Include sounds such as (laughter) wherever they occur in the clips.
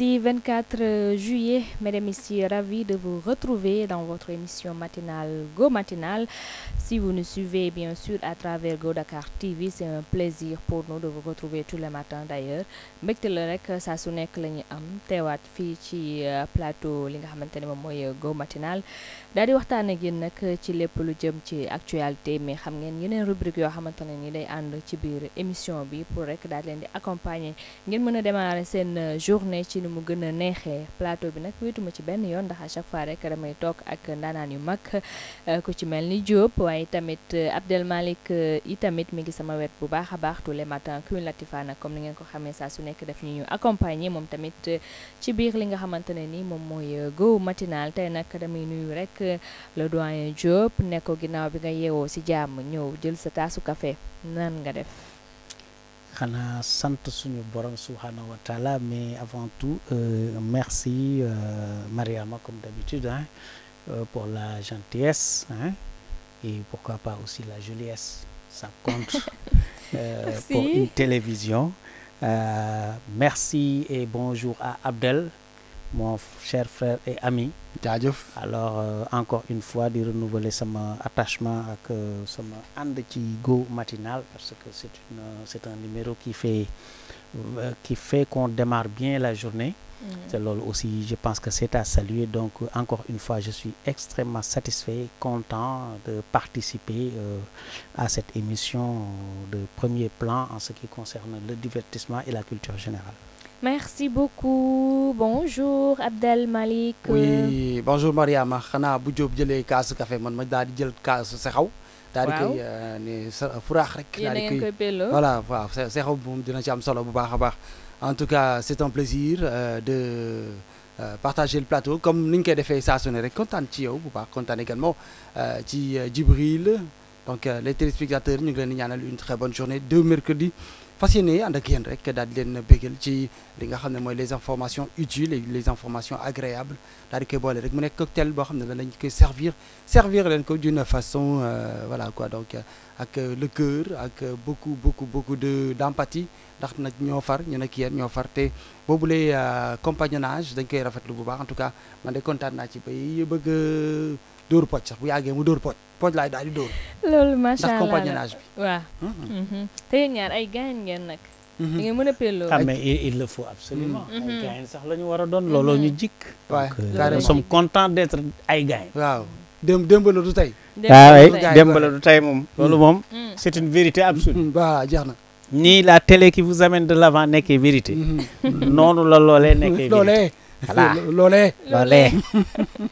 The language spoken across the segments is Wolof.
di 24 euh, juillet. Mesdames, et Messieurs, ravi de vous retrouver dans votre émission matinale Go Matinale. Si vous nous suivez, bien sûr, à travers Go Dakar TV, c'est un plaisir pour nous de vous retrouver tous les matins d'ailleurs. mais la rek ça su que la am teewaat fi ci euh, plateau li nga xamante mom moy euh, Go Matinale daal di waxtaan ak yéen nag ci lépp lu jëm ci actualité mais xam ngeen rubrique yo xamante ni day ci biir émission bi pour rek daal len di accompagner ngeen mëna démarrer sen journée ci nu gën a neexee plateau bi nag wéetuma ci benn yoon ndax à chaque fois rek damay toog ak ndaanaan yu mag euh, ku ci mel ni Diop waaye tamit euh, Abdel Malick euh, i tamit mu ngi sama wet bu baax a baax tous les matins Queen nag comme ni ngeen ko xamee saa su nekk def ñu ñu accompagner moom tamit ci biir li nga xamante ne ni moom mooy Go Matinal tey nag damay nuyu rek le doyen Diop ne ko ginnaaw bi nga yeewoo si jàmm ñëw jël sa taasu kafe nan nga def xanaa sante suñu borom subhanahu wa mais avant tout euh, merci euh, Mariama comme d'habitude hein, euh, pour la gentillesse hein, et pourquoi pas aussi la joliesse ça compte (laughs) euh, pour une télévision merci et bonjour à Abdel mon cher frère et ami. alors euh, encore une fois de renouveler son attachement euh, à ce Go Matinal parce que c'est un numéro qui fait euh, qui fait qu'on démarre bien la journée. Mm. c'est aussi je pense que c'est à saluer donc encore une fois je suis extrêmement satisfait content de participer à cette émission de premier plan en ce qui concerne le divertissement et la culture générale merci beaucoup bonjour Abdel Malik. oui bonjour Mariama xanaa bu job jëlee casse café man ma daal di jël kaasu xaw. daal di koy euh, ne sa furaax rek. daal di koy voilà waaw xaw bu dina ci am solo bu baaxa baax. en tout cas c'est un plaisir euh, de euh, partager le plateau comme niñ ñu koy defee saa su rek kontaan ci yow bu baax kontaan également ci Djibril donc les téléspectateurs ñu ngi leen ñaanal une très bonne journée de mercredi fas yéene ànd rek daal di leen ci li nga xam moy les informations utiles et les informations agréables daal ke bolé rek mu nekk cocktail bo xam ne koy servir servir leen ko d'une façon euh, voilà quoi donc ak le cœur ak beaucoup beaucoup beaucoup de d'empathie ndax nak ño far ñu nekk yéen ño far te boobule euh, compagnonnage dañ koy rafetlu bu baax en tout cas man dé kontaan na ci bay bëgg door poj sax bu yàggee mu door poj poj laay daal di dóor. loolu macha allah ndax compagnonnage bi. waaw. Mm-hmm. Mm-hmm. te yéen ay gaañ ngeen nag. Mm-hmm. da ngeen mën a pelloo. Ah, il le faut absolument. ay gaañ sax la ñu war a doon looloo ñu jikk. waaw euh, carrément nous sommes contents d'être ay gaañ. waaw démb démb la du tey. Ah, moom. Mm. loolu moom. Mm. c'est une vérité absolue. Mm, ni la télé qui vous amène de l'avant nekkee vérité. noonu la loolee (laughs) nekkee vérité. voilà loolee loolee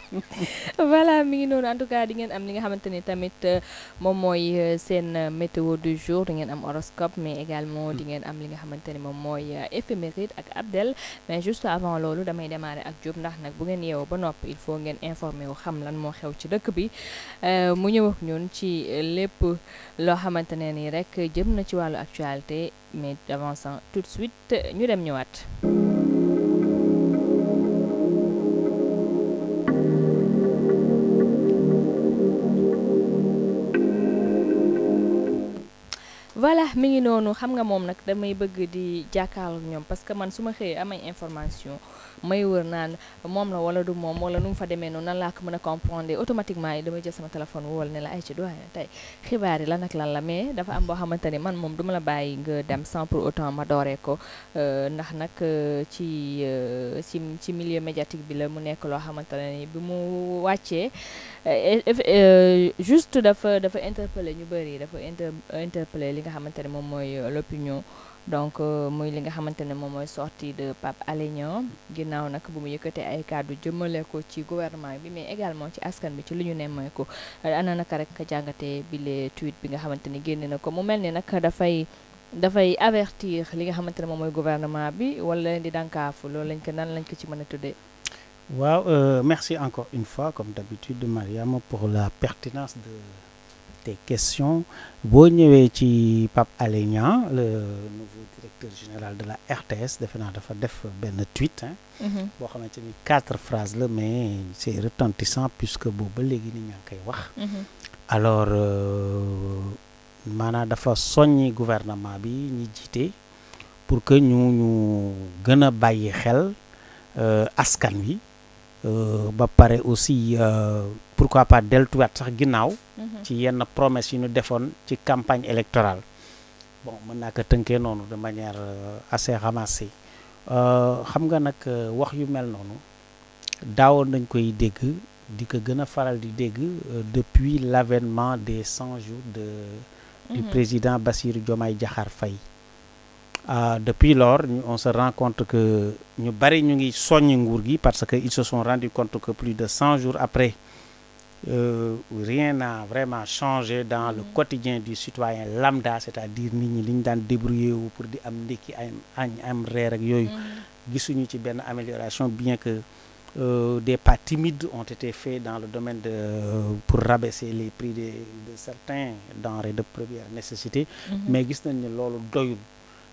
(laughs) voilà mi ngi noonu en tout cas di ngeen am li nga xamante ni tamit euh, moom mooy euh, seen euh, météo du jour di ngeen am horoscope mais également di ngeen am li nga xamante ni moom mooy éphéméride ak Abdel mais juste avant loolu damay démarrer ak Diop ndax nag bu ngeen yeewoo ba noppi il faut ngeen informé wu xam lan moo xew ci dëkk bi mu ñëw ñoon ci lépp loo xamante ne nii rek jëm na ci wàllu actualité mais avançant tout de suite ñu dem ñëwaat. voilà mi ngi noonu xam nga moom nag damay bëgg di jàkkaarloo ñoom parce que man su ma xëyee amay information may wër naan moom la wala du moom wala nu mu fa demee noonu nan laa ko mën a comprendre automatiquement yi damay jël sama téléphone wóol ne la ay ci doyen tey xibaar yi lan ak lan la mais dafa am boo xamante ni man moom duma la bàyyi nga dem sans pour autant ma dooree ko euh, ndax nag euh, ci euh, ci ci milieu médiatique bi la mu nekk loo xamante ne ni bi mu wàccee juste dafa dafa interpeller ñu bëri dafa inter interpeller li nga xamante ne moom mooy l'opinion donc euh, muy li nga xamante ne moom mooy sorti de Pape Alé ginnaaw nag bu mu yëkkatee ay kàddu jëmale ko ci gouvernement bi mais également ci askan bi ci lu ñu nemmee ko euh, ana naka rek jàngatee bile tweet bi nga xamante ne génne na ko mu mel ni nag dafay dafay avertir li nga xamante ne moom mooy gouvernement bi wala leen di dànkaafu loolu lañ ko nan lañ ko ci mën a tuddee. waaw euh, merci encore une fois comme d'habitude Mariama pour la pertinence de. Questions question et ñëwee Pape Alé le nouveau directeur général de la RTS defe naa dafa def benn tweet hein, mhm. boo a ni quatre phrases mais c'est retentissant puisque boobu ba léegi nit ñaa wax mhm. alors euh, maanaam dafa gouvernement bi ñi jité, pour que nous nous gën a bàyyi xel euh, euh, ba pare aussi euh, pourquoi pas d'être sax ginnaw mhm. ci yenn promesse yi ñu defoon ci campagne électorale. bon mën naa ko tënkee de manière euh, assez ramassée xam nga nag wax yu mel nonu daawoon nañ koy dégg di ko gëna faral di dégg depuis l'avènement des 100 jours de. du mhm. président Bassir Diomaye Diakhar Faye. Ah, depuis lors, on se rend compte que nous sommes parce qu'ils se sont rendus compte que plus de 100 jours après, euh, rien n'a vraiment changé dans le quotidien du citoyen lambda, c'est-à-dire nous débrouiller débrouillés pour amener qui des amélioration, bien que euh, des pas timides ont été faits dans le domaine de, euh, pour rabaisser les prix de, de certains denrées de première nécessité. Mm-hmm. Mais nous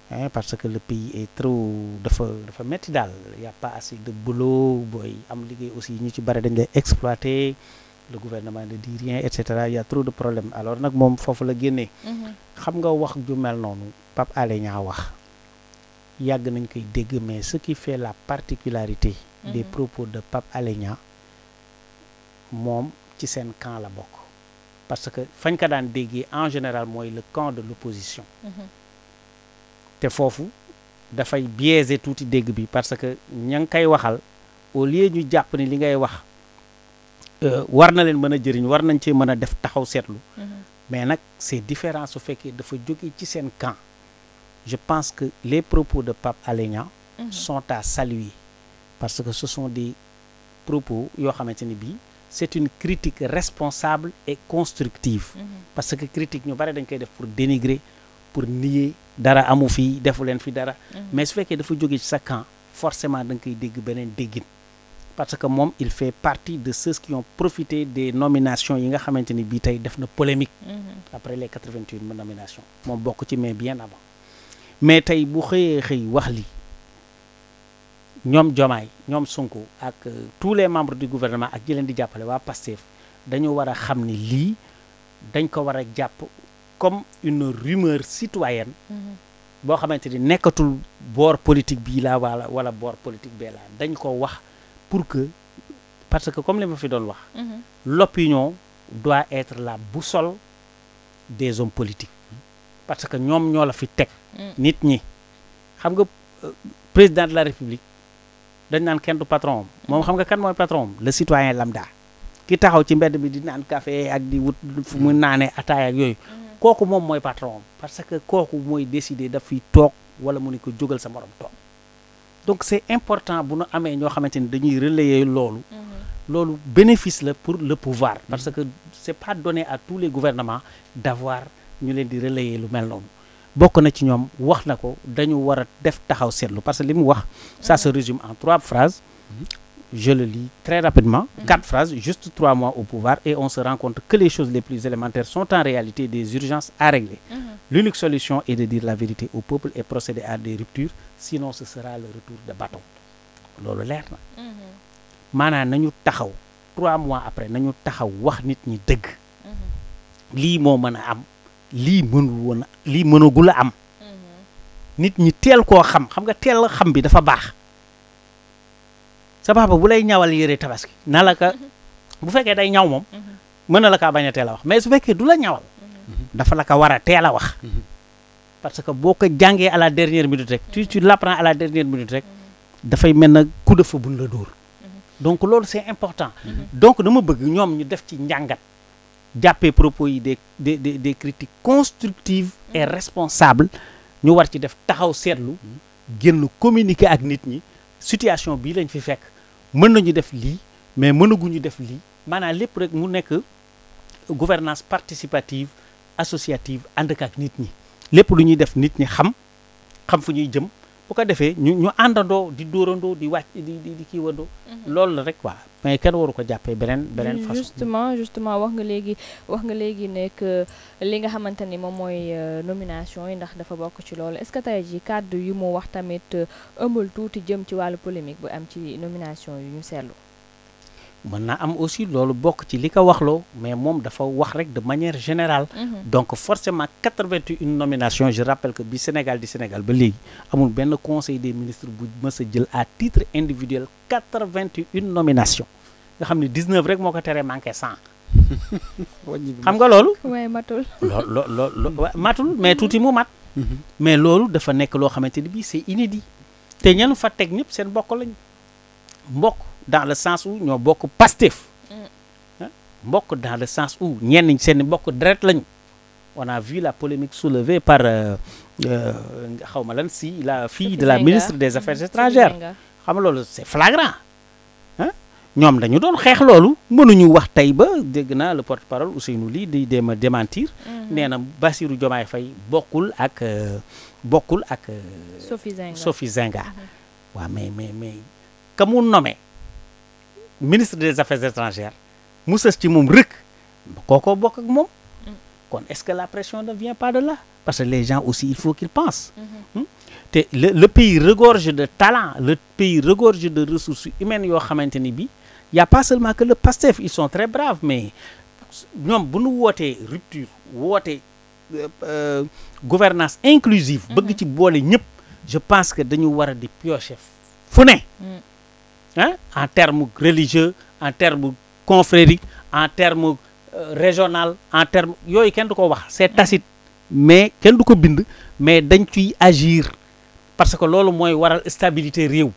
eh, parce que le pays est trop dafa dafa dal. il y' a pas assez de boulot il am a aussi ñi ci bëri exploiter le gouvernement ne dit rien etc. Il y' a trop de problèmes alors nag moom foofu la génnee. Mhm. xam nga wax ju mel noonu Pape y a wax yàgg nañ koy dégg mais ce qui fait la particularité. Mhm. des propos de Pape Alenya, c'est moom ci camp la parce que fañ daan en général c'est le camp de l'opposition. -hmm te da tout ce qui dégg bi parce que ña waxal au lieu ñu japp ni li ngay wax euh, war na leen mëna a jëriñ war nañ cee mën def taxaw setlu mhm. mais nak c'est différent su da fa joggi ci camp je pense que les propos de Pape Alé mhm. sont à saluer parce que ce sont des propos yo xamanteni bi c'est une critique responsable et constructive mhm. parce que critique ñu bari dañ pour dénigrer pour nier dara amu fi defulen fi dara. Mm-hmm. mais su fekkee dafa jóge ci sa camp forcément dang nga koy dégg benen déggin. parce que mon il fait partie de ceux qui ont profité des nominations yi nga xamante bi tay def na polémique. Mm-hmm. après les 88 nominations. mon bok ci mais bien avant. mais tay bu xeyé xey wax li ñom Jomaay ñom Sonko ak euh, tous les membres du gouvernement ak ñi di jappalé wa PASTEF dañu wara xamni li dañ ko wara japp comme une rumeur citoyenne mm-hmm. boo xamante ni nekkatul boor politique bi la wala wala boor politique bee laa ko wax pour que parce que comme li ma doon wax mm-hmm. l'opinion doit être la boussole des hommes politiques parce que ñoom ñoo la fi teg mm. nit ñi xam nga euh, président de la république dañ naan kenn du patron am moom xam nga kan mooy patron le citoyen lambda ki taxaw ci mbedd bi di naan café ak di wut fu mu mm. naanee ataaya ak yooyu mm kooku mom moy patron parce que kooku moy décider da fiy tok wala moniko ne sa morom tok donc c'est important bu nu amee ñoo xamante dañuy relayer lolu mhm. lolu bénéfice la pour le pouvoir. parce que c'est pas donné à tous les gouvernements d'avoir ñu len di relayer lu mel non bokk na ci ñom wax nako dañu wara def taxaw setlu parce que limu wax ça mhm. se résume en trois phrases. Mhm je le lis très rapidement, mmh. quatre phrases, juste trois mois au pouvoir, et on se rend compte que les choses les plus élémentaires sont en réalité des urgences à régler. Mmh. L'unique solution est de dire la vérité au peuple et procéder à des ruptures, sinon ce sera le retour de bâton. loolu leer na. Mhm. maanaam nañu taxaw trois mois après nañu taxaw wax nit ñi deug mhm. li mo mën am li mënul woon li mënagul a am. Mhm. nit ñi tel ko xam xam nga teel xam bi dafa bax sa papa bu lay ñawal yéré tabaski nalaka bu féké day ñaw mom mëna la ka bañ a wax mais su féké du la ñawal dafa la ka wara a teel wax parce que boko jangé à la dernière minute rek tu tu l'apprends à la dernière minute rek dafay mel na coup de feu buñ la dóor donc loolu c'est important donc dama bëgg ñom ñu def ci ñangat jappé propos yi des des des critiques constructives et responsables ñu war ci def taxaw sétlu génn communiquer ak nit ñi situation bi lañ fi fekk mën nañu def lii mais mënaguñu def lii maanaam lépp rek mu nekk gouvernance participative associative ànd ak nit ñi lépp lu ñuy def nit ñi xam xam fu ñuy jëm bu ko defee ñu ñu àndandoo di dóorandoo di wàcc di di di kiiwandoo. Mhm. loolu la rek waa mais kenn waru ko jàppee beneen beneen façon. justement justement wax nga léegi wax nga léegi nekk li nga xamante ni moom mooy euh, nomination yi ndax dafa bokk ci loolu est-ce que tey jii kàddu yu mu wax tamit euh, ëmbal tuuti jëm ci wàllu polémique bu am ci nomination yu ñu seetlu. mën naa am aussi lolu bok ci li ko waxloo mais mom dafa wax rek de manière générale. Mhm. donc forcément 81 nominations je rappelle que bi Sénégal di Sénégal ba légui amul ben conseil des ministres bu mës jël à titre individuel 81 nominations nga xamni 19 rek moko téré teree 100 (laughs) xam nga lolu waaye matul. lo, lo, (laughs) matul mais touti mu mat. Mhm. mais lolu dafa nek lo xamante ni bii c'est inédit. té ñan fa teg ñep seen bokk lañ mbokk dans le sens où ñoo bokk Pastef mm. hein? mbokk dans le sens où ñenn seen mbokk deret lañu on a vu la polémique soulevée par euh, euh, xaw lan si la fille de la ministre des affaires mm, étrangères xam c'est flagrant ah ñoom dañu doon xeex loolu mënuñu wax de ba le porte-parole nous Ly de dem démentir mm-hmm. nee na Bassirou Diomaye Faye bokkul ak euh, bokkul ak Sophie Zinga Sophie Zinga mm-hmm. waaw mais mais mais nommé ministre des affaires étrangères Moussa Stimoum ci est-ce que la pression ne vient pas de là parce que les gens aussi il faut qu'ils pensent mm-hmm. hmm? le pays regorge de talents le pays regorge de ressources humaines il n'y a pas seulement que le PASTEF ils sont très braves mais nous nous nu une rupture une euh, euh, gouvernance inclusive mm-hmm. je pense que nous avons des di piocher hein, en termes religieux en termes confrériques en termes euh, régional en termes yooyu kenn du ko wax c'est tacite mais quel du ko bind mais dañ ciy agir parce que loolu mooy waral stabilité réew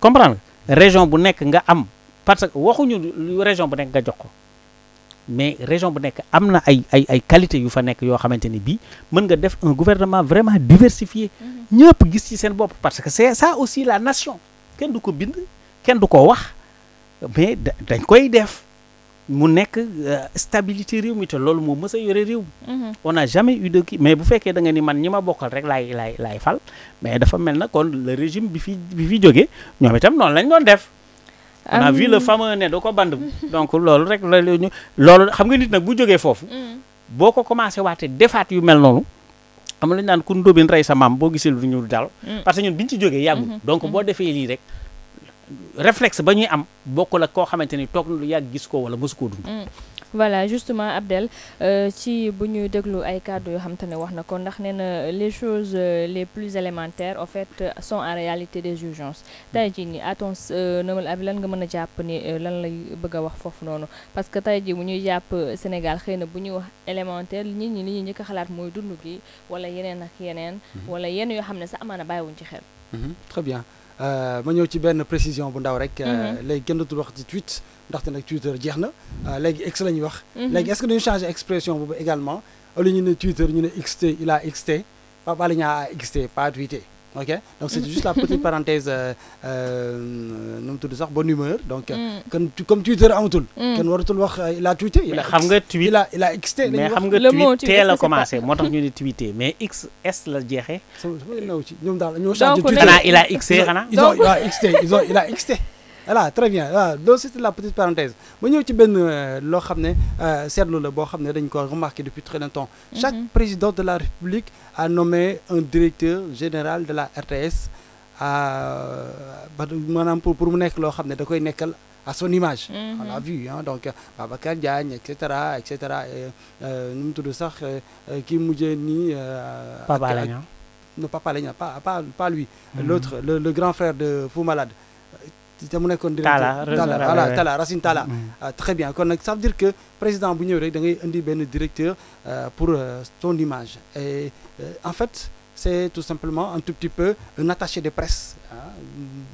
comprendre région bu nek nga am parce que waxuñu région bu nek nga jox ko mais région bu nek am na ay ay ay qualité yu fa nek yo xamanteni ni meun nga def un gouvernement vraiment diversifié mm-hmm. ñepp gis ci sen bop parce que c'est ça aussi la nation kenn du ko bind kenn du ko wax mais dañ koy def mu nekk euh, stabilité réew mi te loolu moo mës a yore réew mi mhm. on n'a jamais eu de kii mais bu fekkee da nga ni man ñi ma bokkal rek laay laay laay fal mais dafa mel na kon le régime bi fi bi fi jógee ñoom itam noonu lañ doon def on a vu le fameux ne da ko band donc loolu rek la loolu xam nga nit nag bu jógee foofu mhm. boo ko commencé waate defaat yu mel noonu xam nga lañu naan ku ndóobeen rey sa maam boo gisee lu ñu dal mm. parce que ñun biñ ci jógee yàggul mm-hmm. boo mm-hmm. defee lii rek réflexe ba ñuy am bokk la koo xamante ni toog na lu yàgg gis ko wala mësu koo dund mm. voilà justement Abdel euh, ci bu ñu déglu ay kàddu yoo xam te ne ko ndax nee les choses euh, les plus élémentaires en fait sont en réalité des urgences tayji ni nii à ton euh, nga mën japp ni lan lay bëgg wax fofu noonu parce que tayji jii bu ñuy jàpp Sénégal xëy na bu ñuy wax élémentaire nit ñi ñi ñëk xalaat moy dundu gi wala yenen ak yenen mhm. wala yenn yo xam sa amana amaana bàyyiwuñ ci xel mhm, très bien euh ma ñëw ci ben précision bu ndaw rek mhm. léegi kenn wax ci tweet ndaxte nag Twitter jeex na léegi X la ñuy wax. léegi est-ce que dañu changer expression boobu également au ñu ne Twitter ñu ne XT il a XT pas Alé Niang a XT pas tweeté ok donc c'est juste la petite parenthèse nu mu tudd sax bonne humeur donc. kon comme Twitter amatul. kenn waratul wax il a tweeté. il a xam nga il a il a XT. mais xam nga tweet T la commencé moo tax ñu ne tweeté mais X S la jeexee. sama sama ñoom daal ñoo changé. donc il a XT xanaa. donc il a XT ils ont il a XT voilà très bien voilà donc c'était la petite parenthèse Je ñëw ci ben euh, lo xamné C'est euh, seetlu la boo dañ ko remarqué depuis très longtemps mhm. chaque président de la république a nommé un directeur général de la RTS euh, pour pour mu nek lo xamné da koy nekkal à son image. Mhm. on l'a vu hein donc Babacar Diagne etc. etc. et nous, ça mu tudd qui kii ni Papa Alenia non Papa pas pas pas lui. Mhm. l'autre le le grand frère de Fou Malade te mu nekkoon directeur Talla voilà la, Racine Talla mm. ah, très bien kon ça veut dire que président bu ñëw rek da ngay indi benn directeur euh, pour euh, ton image et euh, en fait c'est tout simplement un tout petit peu un attaché de presse hein,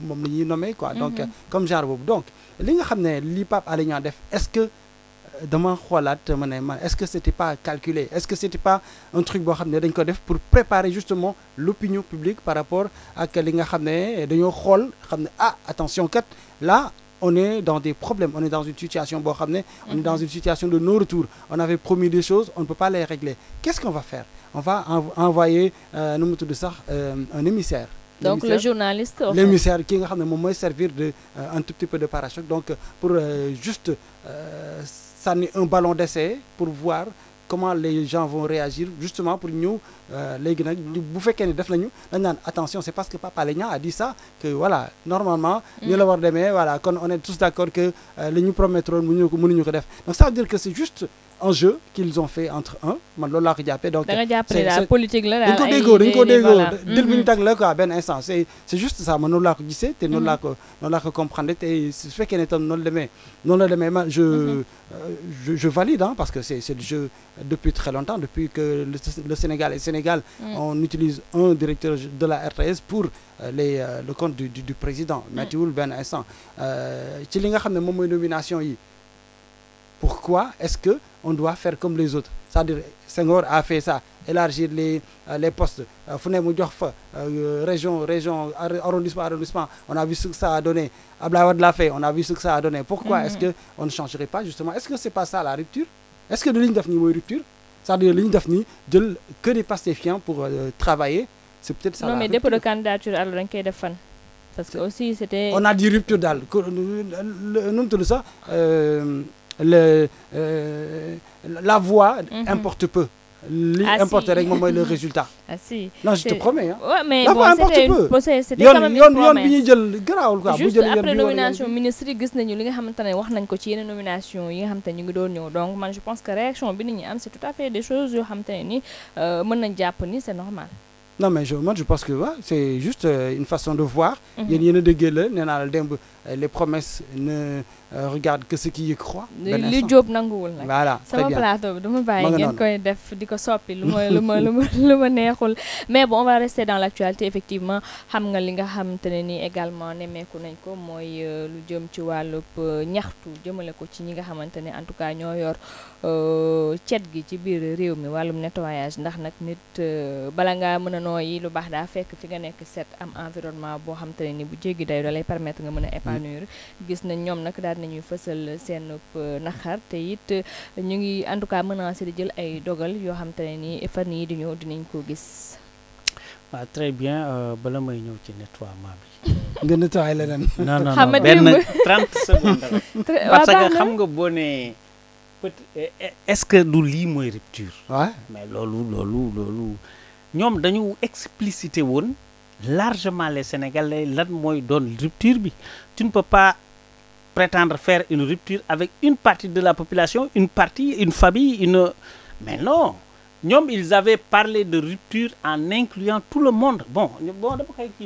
moom nommé quoi donc mm-hmm. comme Jarbo. donc li nga xam ne li Pape def est-ce que est-ce que c'était pas calculé est-ce que c'était pas un truc pour préparer justement l'opinion publique par rapport à ce que xam ne ah attention là on est dans des problèmes on est dans une situation on est dans une situation de non-retour on avait promis des choses on ne peut pas les régler qu'est-ce qu'on va faire on va envoyer euh, euh, un émissaire donc le journaliste l'émissaire qui va servir de euh, un tout petit peu de parachute donc pour juste ça n'est un ballon d'essai pour voir comment les gens vont réagir justement pour nous, les Guinéens bu nous attention c'est parce que papa Léna a dit ça que voilà normalement nous la war voilà on est tous d'accord que euh, les ñu promettront nous nous donc ça veut dire que c'est juste un jeu qu'ils ont fait entre un man loolu laa donc c'est la politique là. dañ ko déggoo dañ ko dil bi ñu tag la quoi ben instant c'est c'est juste ça man noonu disait, ko gisee te noonu l'a mm-hmm. comprendre te su fait ne Non le la demee noonu la demee man mm-hmm. euh, je je valide hein, parce que c'est c'est le jeu depuis très longtemps depuis que le, le Sénégal et Sénégal mm. on utilise un directeur de la RTS pour euh, les euh, le compte du du, du président Mathieu mm. ben instant euh, ci li nga xam ne nomination yi pourquoi est-ce qu'on doit faire comme les autres C'est-à-dire, Senghor a fait ça, élargir les, euh, les postes, euh, Founé Moudjorfa, euh, région, région, arrondissement, arrondissement. On a vu ce que ça a donné. Ablawad l'a fait, on a vu ce que ça a donné. Pourquoi mhm. est-ce qu'on ne changerait pas justement Est-ce que ce n'est pas ça la rupture Est-ce que le ligne d'avenir est rupture C'est-à-dire, le ligne d'avenir, de, que des pastéfiants pour travailler, c'est peut-être ça. Non, mais dès pour le candidature à de fan. Parce que aussi, c'était. On a dit rupture d'al. Nous, tout ça. Euh, le, euh, la voix mm -hmm. importe peu. Li ah, importe si. mooy le (laughs) résultat. ah si non je te promets Hein. Ouais, mais bon c'était bon c'était quand même yoon yoon bi ñuy jël garaawul quoi. bu jëlee yoon bi nomination ministre yi gis nañu li nga xamante ne wax nañ ko ci yeneen nomination yi nga xamante ñu ngi doon ñëw donc moi, je pense que réaction bi nit ñi am c'est tout à fait des choses yoo xamante ne ni euh, mën nañ jàpp ni c'est normal. non mais je man je pense que waaw c'est juste euh, une façon de voir. Mhm. yéen yéen a déggee la nee naa la démb. Euh, les promesses ne euh, regardent que ceux qui y croient. benn li Diop nanguwul nag. voilà très bien sama plateau bi du ma bàyyi ngeen koy def di ko le lu le lu le lu ma neexul. mais bon on va rester dans l'actualité. effectivement xam nga li nga xamante ne ni également nemmeeku nañ ko mooy euh, lu jëm ci wàllub ñaxtu jëmale ko ci ñi nga xamante ne en tout cas ñoo yor cet gi ci biir réew mi wàllum nettoyage ndax nag nit bala ngaa mën a nooyi lu baax daa fekk fi environnement boo xamante ne ni bu jéggi day dalay permettre nga Manour gis na ñom nak daal nañuy fessel sen euh, naxar te it euh, ñu ngi en tout cas menacer di jël ay dogal yo xam tane ni fan yi di ñëw dinañ ko gis wa très bien euh, bala may ñew ci nettoiement bi (laughs) nga nettoyé la dan non non ben 30 secondes (laughs) parce que xam nga boo nee e, est-ce que du li moy rupture mais lolu lolu lolu ñom dañu expliciter won largement les Sénégalais lan moi donne rupture tu ne peux pas prétendre faire une rupture avec une partie de la population une partie une famille une mais non ils avaient parlé de rupture en incluant tout le monde bon bon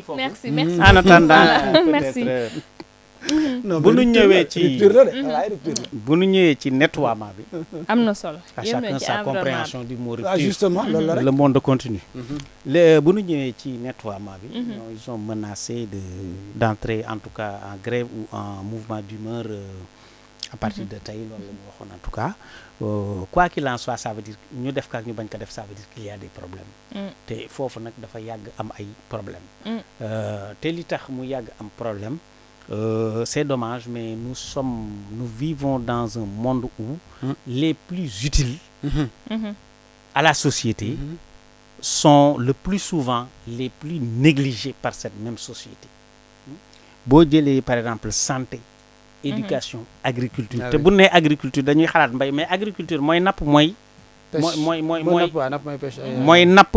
faut merci merci en attendant (laughs) merci euh, Mm-hmm. Mm-hmm. bu nu ñëwee ci mm-hmm. ah, bu nu ñëwee ci nettoyage bi. amna solo à chacun sa compréhension du mot rupture. justement la rek le monde continue. les bu nu ñëwee ci nettoyage bi. ils ont menacé de d'entrer en tout cas en grève ou en mouvement d'humeur euh, à partir de tey loolu en tout cas euh, quoi qu'il en soit ça veut dire ñu def ka ñu bañ ko def ça veut dire qu'il y a des problèmes. Mm. té fofu nak dafa yag am ay problèmes. Mm. Euh, té li tax mu yag am problème. Euh, c'est dommage, mais nous sommes, nous vivons dans un monde où mm-hmm. les plus utiles mm-hmm. à la société mm-hmm. sont le plus souvent les plus négligés par cette même société. boo jëlee par exemple santé. éducation agriculture ah te agriculture dañuy mais agriculture c'est napp mooy. mooy mooy pêche c'est napp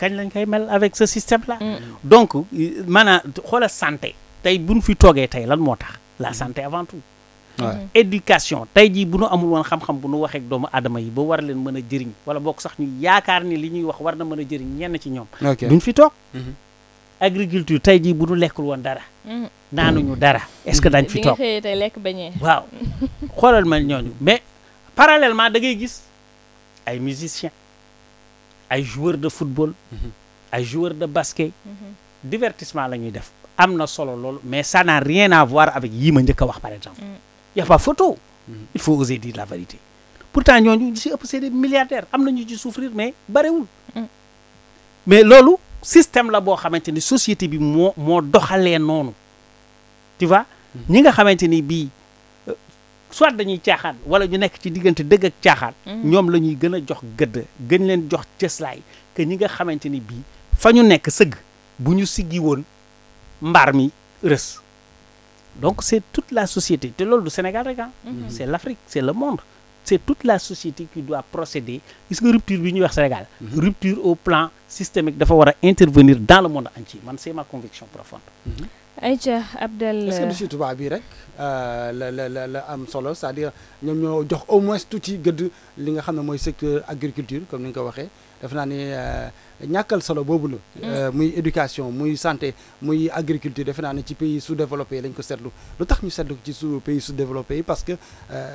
kañ lañ koy mel avec ce système là. Mm. donc maanaam xola santé tay buñ fi togué tay lan moo tax la mm. santé avant tout. Mm-hmm. éducation tay ji buñu amul won xam-xam buñu nu ak doomu adama yi bo war leen mën jëriñ wala bok sax ñu yaakar ni li ñuy wax war na mën jëriñ ñenn ci ñom duñ fi toog. Mm-hmm. agriculture tay ji buñu lekul won woon dara. Mm. naanuñu dara est-ce que dañ fi toog tay lek bañé waaw (laughs) xolal ma ñooñu mais parallèlement da ngay gis ay musiciens ay joueur de football mhm. ay joueur de basket mhm. divertissement à def amna solo lol, mais ça n'a rien à voir avec yii ma njëkk wax par exemple mm. y a pas photo mm. il faut oser dire la vérité pourtant ñooñu ci c'est des milliardaires amna ñu ci souffrir mais barewul mm. mais lolu système la bo xamanteni société bi mo mo doxale tu vois ñi nga xamanteni bi soit dañuy tiaxat wala ñu nekk ci digënté dëgg ak tiaxat mm-hmm. ñom lañuy gëna jox gëdd gën leen jox tieslay que ñi nga xamante ni bii fa nekk sëgg buñu ñu siggi woon mbaar mi reus donc c'est toute la société té lool du Sénégal rek ah. Mm-hmm. c'est l'afrique c'est le monde. c'est toute la société qui doit procéder gis nga rupture bi ñu wax Sénégal. Mm-hmm. rupture au plan systémique dafa wara intervenir dans le monde entier man c'est ma conviction profonde. Aïcha Abdel est-ce que du euh, si tubaab bi rek euh, la la la am solo c'est-à-dire ñom ñoo jox au moins tuuti gëdd li nga xamne moy secteur agriculture comme ni nga ko waxee def naa ni euh, ñàkkal solo boobu la. Mm. muy éducation muy santé muy agriculture def naa ne ci pays sous-développé lañ ko sétlu lu tax ñu seetlu ci sous pays sous-développé parce que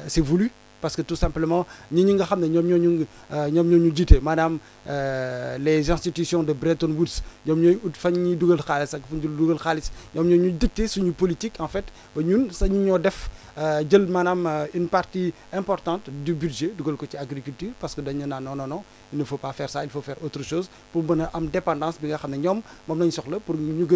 c'est voulu parce que tout simplement nous euh, euh, les institutions de Bretton Woods politique en fait euh, une partie importante du budget de ko parce que non non non il ne faut pas faire ça il faut faire autre chose pour dépendance pour ñu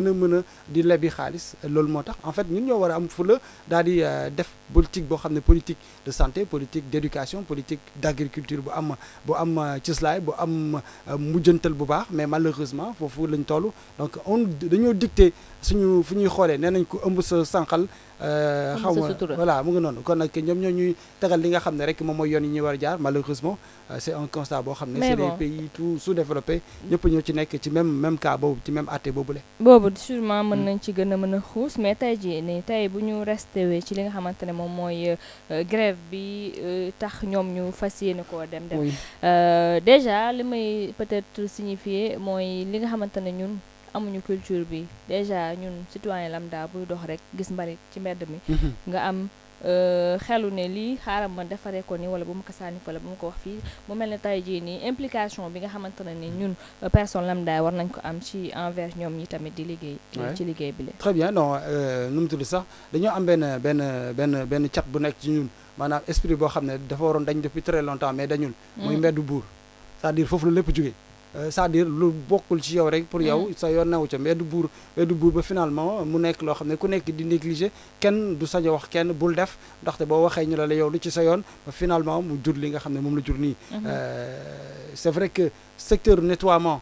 en fait ñun ñoo def politique politique de santé politique politique d'éducation politique d'agriculture bu am bu am euh, cëslaay bu am euh, mujjantal bu baax mais malheureusement foofu lañ tollu, donc on nous dicter suñu fuñuy xolé né nañ ko ëmb sa sànqal euh, xaw ma voilà mu ngi non kon nak ñom ñoo ñuy tegal li nga xamné rek mom moy yoon yi ñuy war jaar malheureusement euh, c'est un constat bo xamné ne c'est des pays tout sous-développés ñëpp ñoo ci nekk ci même même cas bobu ci même atté bobu lé bobu sûrement mën mm. nañ ci gëna mëna mën mais tay jii né tay bu ñu wé ci li nga xamante ne moom mooy euh, grève bi tax ñom ñu fas ko dem dem euh déjà li may peut-être signifier moy li nga xamante ne ñun amuñu culture bi déjà ñun citoyen lambda buy dox rek mhm. euh, la bu wax implication bi nga ñun euh, lambda war nañ ko am ci envers ñi tamit di liggéey. ci liggéey très bien non euh, nu mu tudd sax dañoo am benn benn benn benn cat bu nekk ci ñun esprit boo très longtemps mais dañul. muy mm. Euh, c'est-à-dire lu bokul ci yow rek pour yow mm. sa yoon newu ca mbedd buur mbedd bour ba finalement mu nek lo xam ku nek di négliger ken du saja wax ken bul def ndaxte bo waxee ñu la la yow lu ci sa yoon ba finalement mu jur li nga xam mom la jur mm-hmm. euh c'est vrai que secteur nettoiement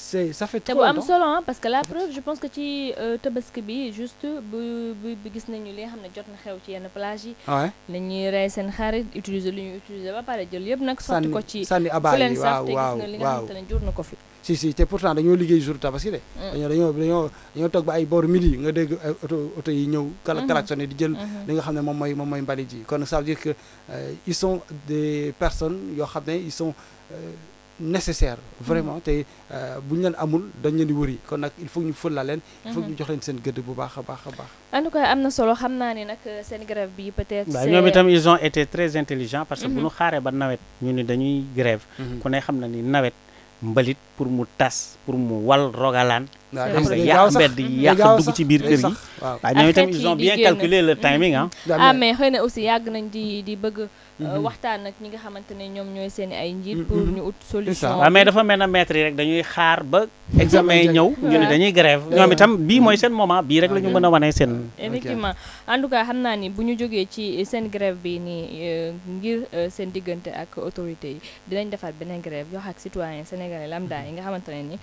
c'est ça fait trop te hein, parce que la preuve je pense que ci euh, tabaski bi juste bu bu gis nañu li jot na xew ci yenn plage yi. nañuy ray sen xarit utiliser utiliser ba paré ko ci si si pourtant jour de. tu es tok ba ay bor midi nga dégg auto euh, auto yi ñëw. kala mm-hmm. di jël. Mm-hmm. li nga kon ça veut dire que euh, ils sont des personnes yo xamné ils sont nécessaire mhm. vraiment té euh, bu leen amul dañ leen di wëri kon nak il faut ñu fël la leen il faut mhm. ñu jox leen seen gëdd bu baax a baax a baax en tout cas am na solo xam naa ne nag euh, seen grève bi peut-être bah ñoom itam ils ont été très intelligents parce que bu mhm. ñu xaaree ba nawet ñu ni dañuy grève ku ne xam na ni nawet mbalit pour mu tas pour mu wal rogalaan waaw xam nga yàq mbedd yàq dugg ci biir kër yi waaw ñoom itam ils ont bien calculé le timing ah. xëy na aussi yàgg nañ di di bëgg euh, mhm. waxtaan ak ñi nga xamante ne ñoom ñooy seen ay njiit mhm. pour ñu ut solution waaw ah, mais dafa mel na maître yi rek dañuy xaar ba examen yi ñëw ñu ne dañuy grève eh ñoom itam bii mooy seen moment bii rek la ñu ah, mën a wanee seen effectivement en tout cas xam naa ni bu ñu jógee ci seen grève bii nii euh, ngir euh, seen diggante ak autorité yi dinañ defaat beneen grève yoo ak citoyen sénégalais lambda yi nga xamante ne ni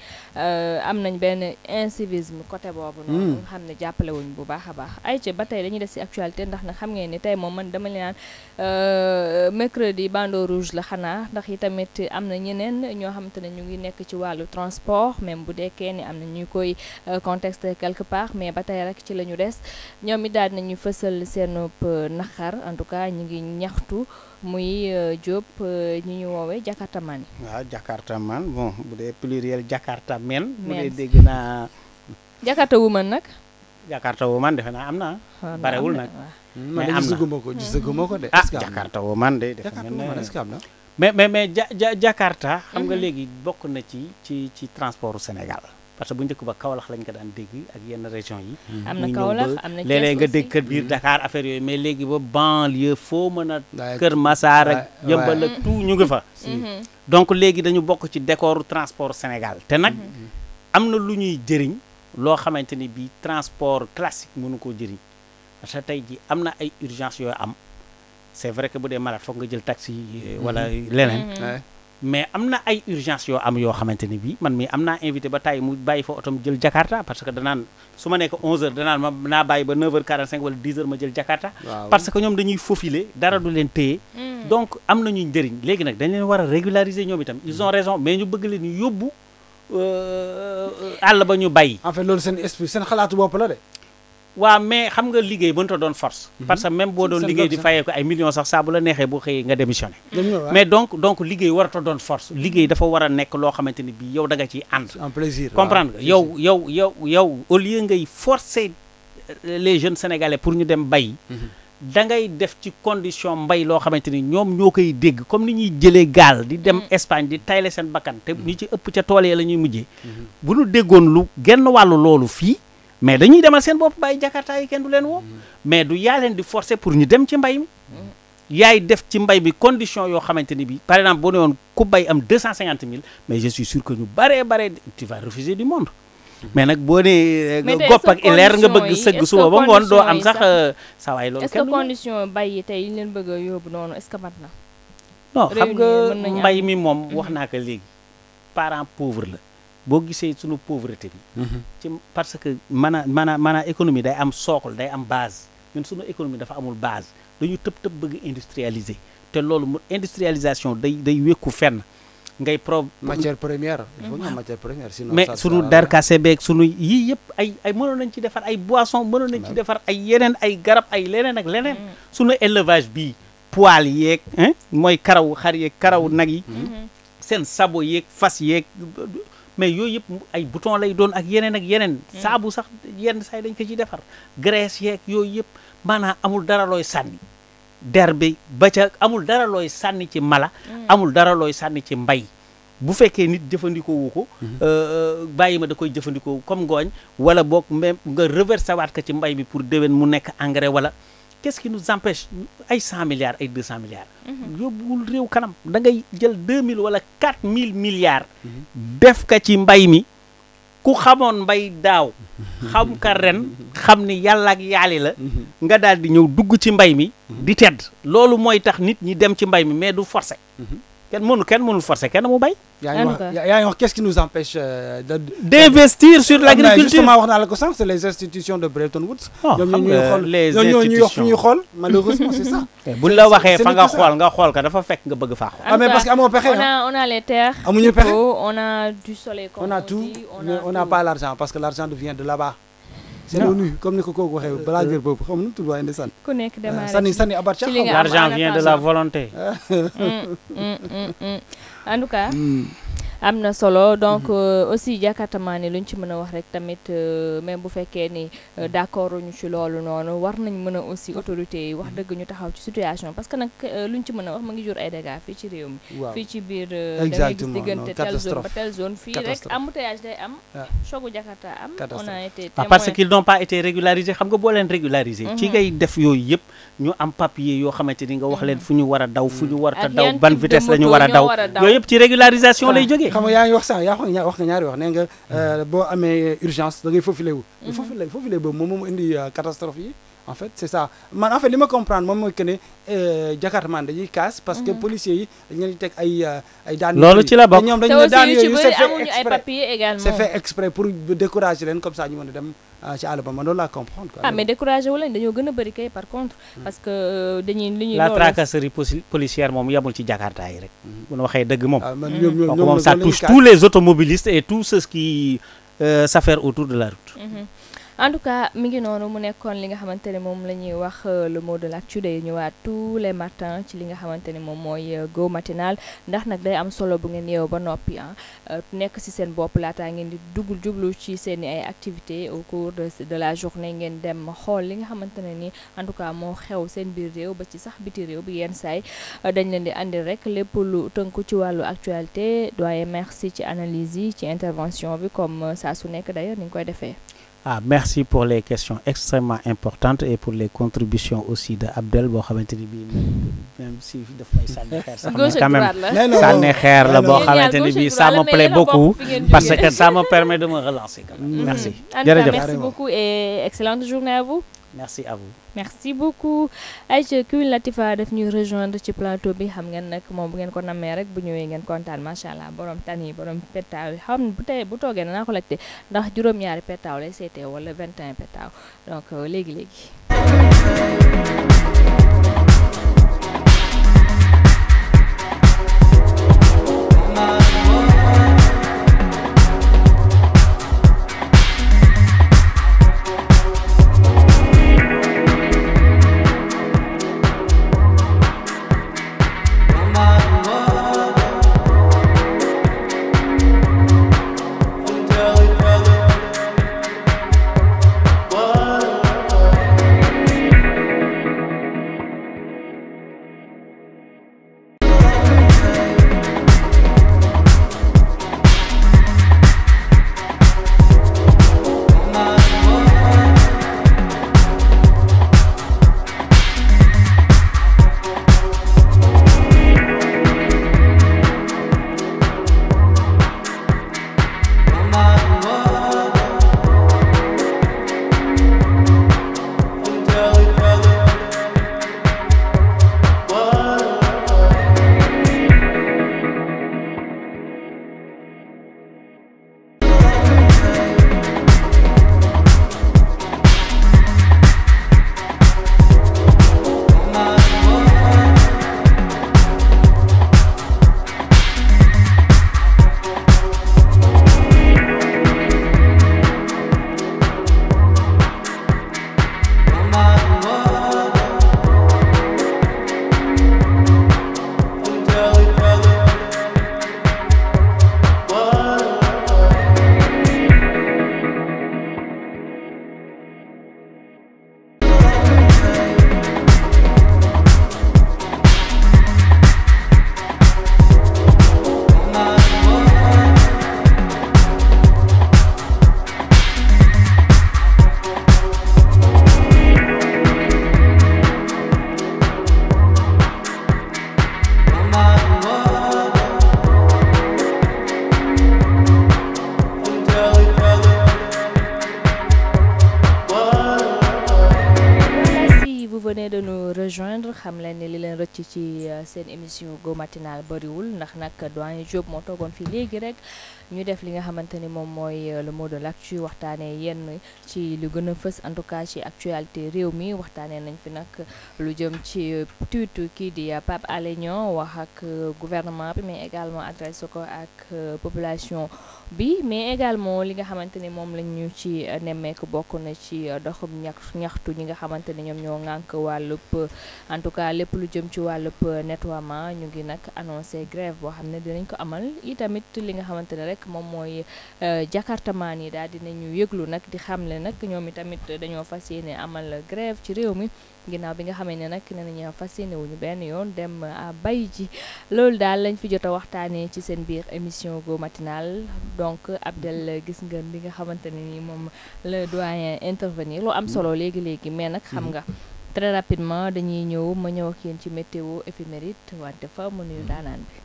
am nañ benn incivisme côté boobu noonu hmm. nga xam ne jàppalewuñ bu baax a baax ay ci ba tey dañuy des ci actualité ndax nag xam ngeen ni tey moom man dama leen naan euh, mercredi bandeau rouge la xanaa ndax yi tamit am na ñeneen ñoo xamante ne ñu ngi nekk ci wàllu transport même bu dekkee ni am na ñu koy euh, contexte quelque part mais ba tey rek ci la ñu des ñoom it daal nañu fësal seen euh, naqar en tout cas ñu ngi ñaxtu muy euh, Diop euh, ñi ñu woowee Jakarta Man. waaw Jakarta Man bon bu dee pluriel Jakarta Men. bu dee dégg naa. Jakarta Woman nag. Jakarta Woman defe naa am na ah, barewul nag. mais am na hmm, gisaguma ko gisaguma ko de. ah Jakarta Woman de. am na. mais mais mais ja ja Jakarta. xam nga mhm. léegi bokk na ci ci ci transport Sénégal. parce que bu njëkk ba Kaolack lañ ko daan dégg ak yenn région yi. Hmm. am na Kaolack am na léeg-léeg nga dégg kër biir hmm. Dakar affaire yooyu mais léegi ba banlieue foo mën a. Kër Massar ak Yëmbal ak tout ñu ngi fa. Hmm. donc léegi dañu bokk ci décor transport Sénégal te nag am na lu ñuy jëriñ loo xamante ni bii transport classique mënu koo jëriñ parce que tey ji am na ay urgence yooyu am c'est vrai que bu dee malade foog nga jël taxi euh, wala leneen. mais amna ay urgence yo am yo xamanteni bi man mi amna invité ba tay mu bàyyi fo otom jël Jakarta parce que danaan suma nek 11h danaan ma naa bàyyi ba 9h45 wala 10h ma jël Jakarta. parce que ñom dañuy faufiler dara du len téye. Mm. donc amna na ñuy njëriñ léegi nag dañ leen wara régulariser ñom itam ils ont mm. raison mais ñu bëgg leen ñu euh, euh àll ba ñu bàyyi. en fait loolu seen esprit seen xalaatu bopp la dé wa mais xam nga liguey mënut doon force. Mhm. parce que même bo doon liguey di fayee ay millions sax sa bu la nexé boo xey nga démissioner mais donc donc liguey warut a doon force. liguey dafa wara nek lo xamanteni bi yow da nga ciy ànd. en plaisir comprendre nga yow yow yow yow au lieu ngay forcer euh, les jeunes sénégalais pour ñu dem bay. Mhm. da ngay def ci condition mbay lo xamanteni ñom ñokay ñoo dégg comme ni ñuy jëlee gaal di dem mhm. Espagne di taylé sen bakan té ñi ci ëpp ci tolé ya la ñuy mujjee. bu ñu déggoon lu genn walu lolu fi mais dañuy demal seen bopp bay jakarta yi kenn du leen wo mais du yaa leen di forcer pour ñu dem ci mbay mi yaay def ci mbay bi condition yoo xamante ni bi par exemple bo ne woon ku bay am deux mille mais je suis sûr que ñu baree baree tu vas refuser du monde mais nak bo nee gopp ak ileer nga bëgg sëgg suba ba ngoon doo am sax euh, sa waay loolu. est-ce que condition bay yi tey ñu leen bëgg a yóbbu noonu est-ce que mat na. non xam nga mbay mi moom wax naa ko léegi parent pauvre la boo suñu pauvreté mhm. parce que mana mana mana économie am socle day am base ñun économie dafa amul base dañu tëb bëgg industrialiser c'est loolu mu industrialisation day day matière première mhm. matière première mais suñu suñu des ay ay nañ ci ay boisson mënoon nañ ci des ay garab mhm. élevage poil yek, hein, karaw karaw sabo mais yooyu yëpp ay bouton lay doon ak yeneen ak yeneen mm. saabu sax yenn saay dañ ko ciy defar graisse yeeg yooyu yëpp maanaam amul dara looy sànni der bi ba ca amul dara looy sànni ci mala mm. amul dara looy sànni ci mbay bu fekkee nit jëfandikoo wu ko mm-hmm. euh, euh, bàyyi ma da koy jëfandikoo comme ngooñ wala book même nga sa waat ko ci mbay bi pour déwén mu nekk engrais wala qu'est-ce qui ay cent milliards ay 200 milliards. Mhm. yóbbuwul réew kanam dangay jël jël mille wala mille milliards. Mhm. def ka ci mbay mi ku xamoon mbay daaw. Mhm. xam ka ren xam ni yàlla ak yaali la. nga daal di ñëw dugg ci mbay mi. di tedd loolu mooy tax nit ñi dem ci mbay mi mais du forcer. Quelqu'un mënu kenn mënul forcer kenn mu bay. yaa wax qu'est-ce qui nous empêche euh, d'investir sur l'agriculture justement wax c'est les institutions de Bretton Woods. Oh, les institutions. malheureusement c'est ça. (laughs) Eh, tu ah, que on a hein? on a les terres. on a du soleil. on a tout on n'a pas l'argent parce que l'argent vient de là-bas. je le comme ni ko kooku waxe balaa jër boobu xam nu mu tudd waaye ndeysaan ku nekk démarré ah, sani sani l'argent vient de la volonté (laughs) mm, mm, mm, en tout hmm. am na solo mhm. donc euh, aussi jàkkaartamaan lu ñu ci mën a wax rek tamit euh, même bu fekkee ni euh, mhm. d'accord ñu ci loolu noonu war nañ mën a aussi autorité yi wax mhm. dëgg ñu taxaw ci situation parce que nag luñ ci mën a wax mu ngi jur ay dégâts fii ci réew mi. fii ci biir da ngay gis diggante telle zone fii telle am fii rek embouteillage day am. Ah. chogu Jakarta am. on a été ah, témoin parce qu'ils n'ont pas été régularisés xam nga boo leen régularisé. ci ngay def yooyu yëpp ñu am papier yoo xamante ni nga wax leen fu ñu war a daw. fu ñu war a daw ban vitesse la ñu war a daw yooyu Il xam nga yaa ngi wax sax yaa nga wax nga ñaari wax nee nga hmm. euh, boo amee urgence da ngay catastrophe en fait c'est ça en fait comprendre que euh, parce que mhm. policiers yi ay euh, ay la fait exprès pour décourager comme ça ñu euh, comprendre ah mais décourager wu par contre. Hmm. parce que la tracasserie policière ci jakarta yi rek. bu hmm. ah, ça touche tous les automobilistes et tout ce qui s'affairent autour de la route. Mhm. en tout cas mi ngi noonu mu nekkoon li nga xamante ne moom la ñuy wax euh, le mot de l'actu day ñëwaat tous les matins ci li nga xamante ne moom mooy euh, go matinal ndax nag day am solo bu ngeen yeew ba noppi ah euh, nekk ci seen bopp laataa ngeen di dugg jublu ci seen ay activités au cours de de la journée ngeen dem xool li nga xamante ne ni en tout cas moo xew seen biir réew ba ci sax biti réew bi yenn saay dañ leen di andi rek lépp lu tënku ci wàllu actualité doyen merci ci analyse yi ci intervention bi comme saa su nekk d'ailleurs ni ñu koy defee. Ah, merci pour les questions extrêmement importantes et pour les contributions aussi de Abdel même si ça may pas. ça me plaît beaucoup parce que ça me permet de me relancer quand mm. merci merci beaucoup et excellente journée à vous merci à vous. merci beaucoup ayca Queen Latifah daf ñuy rejoindre ci plateau bi xam ngeen nak mom bu ngeen ko namé rek bu ñëwee ngeen kontaan macha allah borom tani borom pétaw xam bu tay bu toogee na ko lacté ndax juroom ñaari pétaw lay seetee wala 21 pétaw donc légui euh, légui seen émission go matinal bariwul ndax nag doyen Diop moo toogoon fii léegi rek ñu def li nga xamante ni moom mooy euh, le mot de l'actu waxtaanee yenn ci lu a fës en tout cas ci actualité réew mi waxtaanee nañ fi nag lu jëm ci tuuti kii di Pape Alé Niang wax ak gouvernement bi mais également adresse ko ak population bi mais également li nga xamante ni moom lañ ñu ci nemmeeku bokk na ci doxum ñaxtu ñi nga xamante ni ñoom ñoo ŋànk wàll en tout cas lépp lu jëm ci wàllub nettoiement ñu ngi nag annoncé grève boo xam ne dinañ ko amal i tamit li nga xamante ne rek moom mooy euh, jakartamaan yi daal dinañu yëglu nag nag ñoom itamit dañoo fas yéene amal grève ci réew mi ginaaw bi nga xamee ne nag nee nañu fas yéene wuñu benn yoon dem euh, bay ji loolu daal lañ fi jot a waxtaanee ci seen biir émission go matinal donc Abdel gis nga bi nga xamante ne ni moom le doyen intervenir lu am solo léegi léegi mais nag xam nga. très rapidement dañuy ñëw ma ñëw ak yéen ci météo éphéméride wante fa mu nuyu daanaan bi.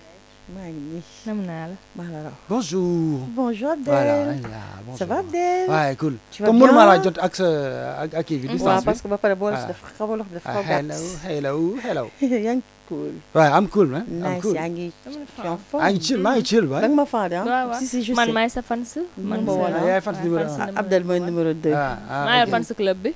Bonjour. Bonjour Abdel. Voilà, bonjour. Ça va Abdel Ouais, cool. Tu vas Comme bien Comme jot ak sa ak ak bi distance. parce que ba pare boole dafa xaw lox dafa xaw gàtt. Hello, hello, hello. (laughs) Yaa ngi cool. Ouais, I'm cool, man. I'm cool. Nice, yaa ngi en forme. Yaa ngi chill, maa ngi chill, waay. Danga ma faale ah. Si si je Man maay sa fans. Man yaay fans numéro 1. Abdel mooy numéro 2. Ah, ah. Maa yor fans club bi.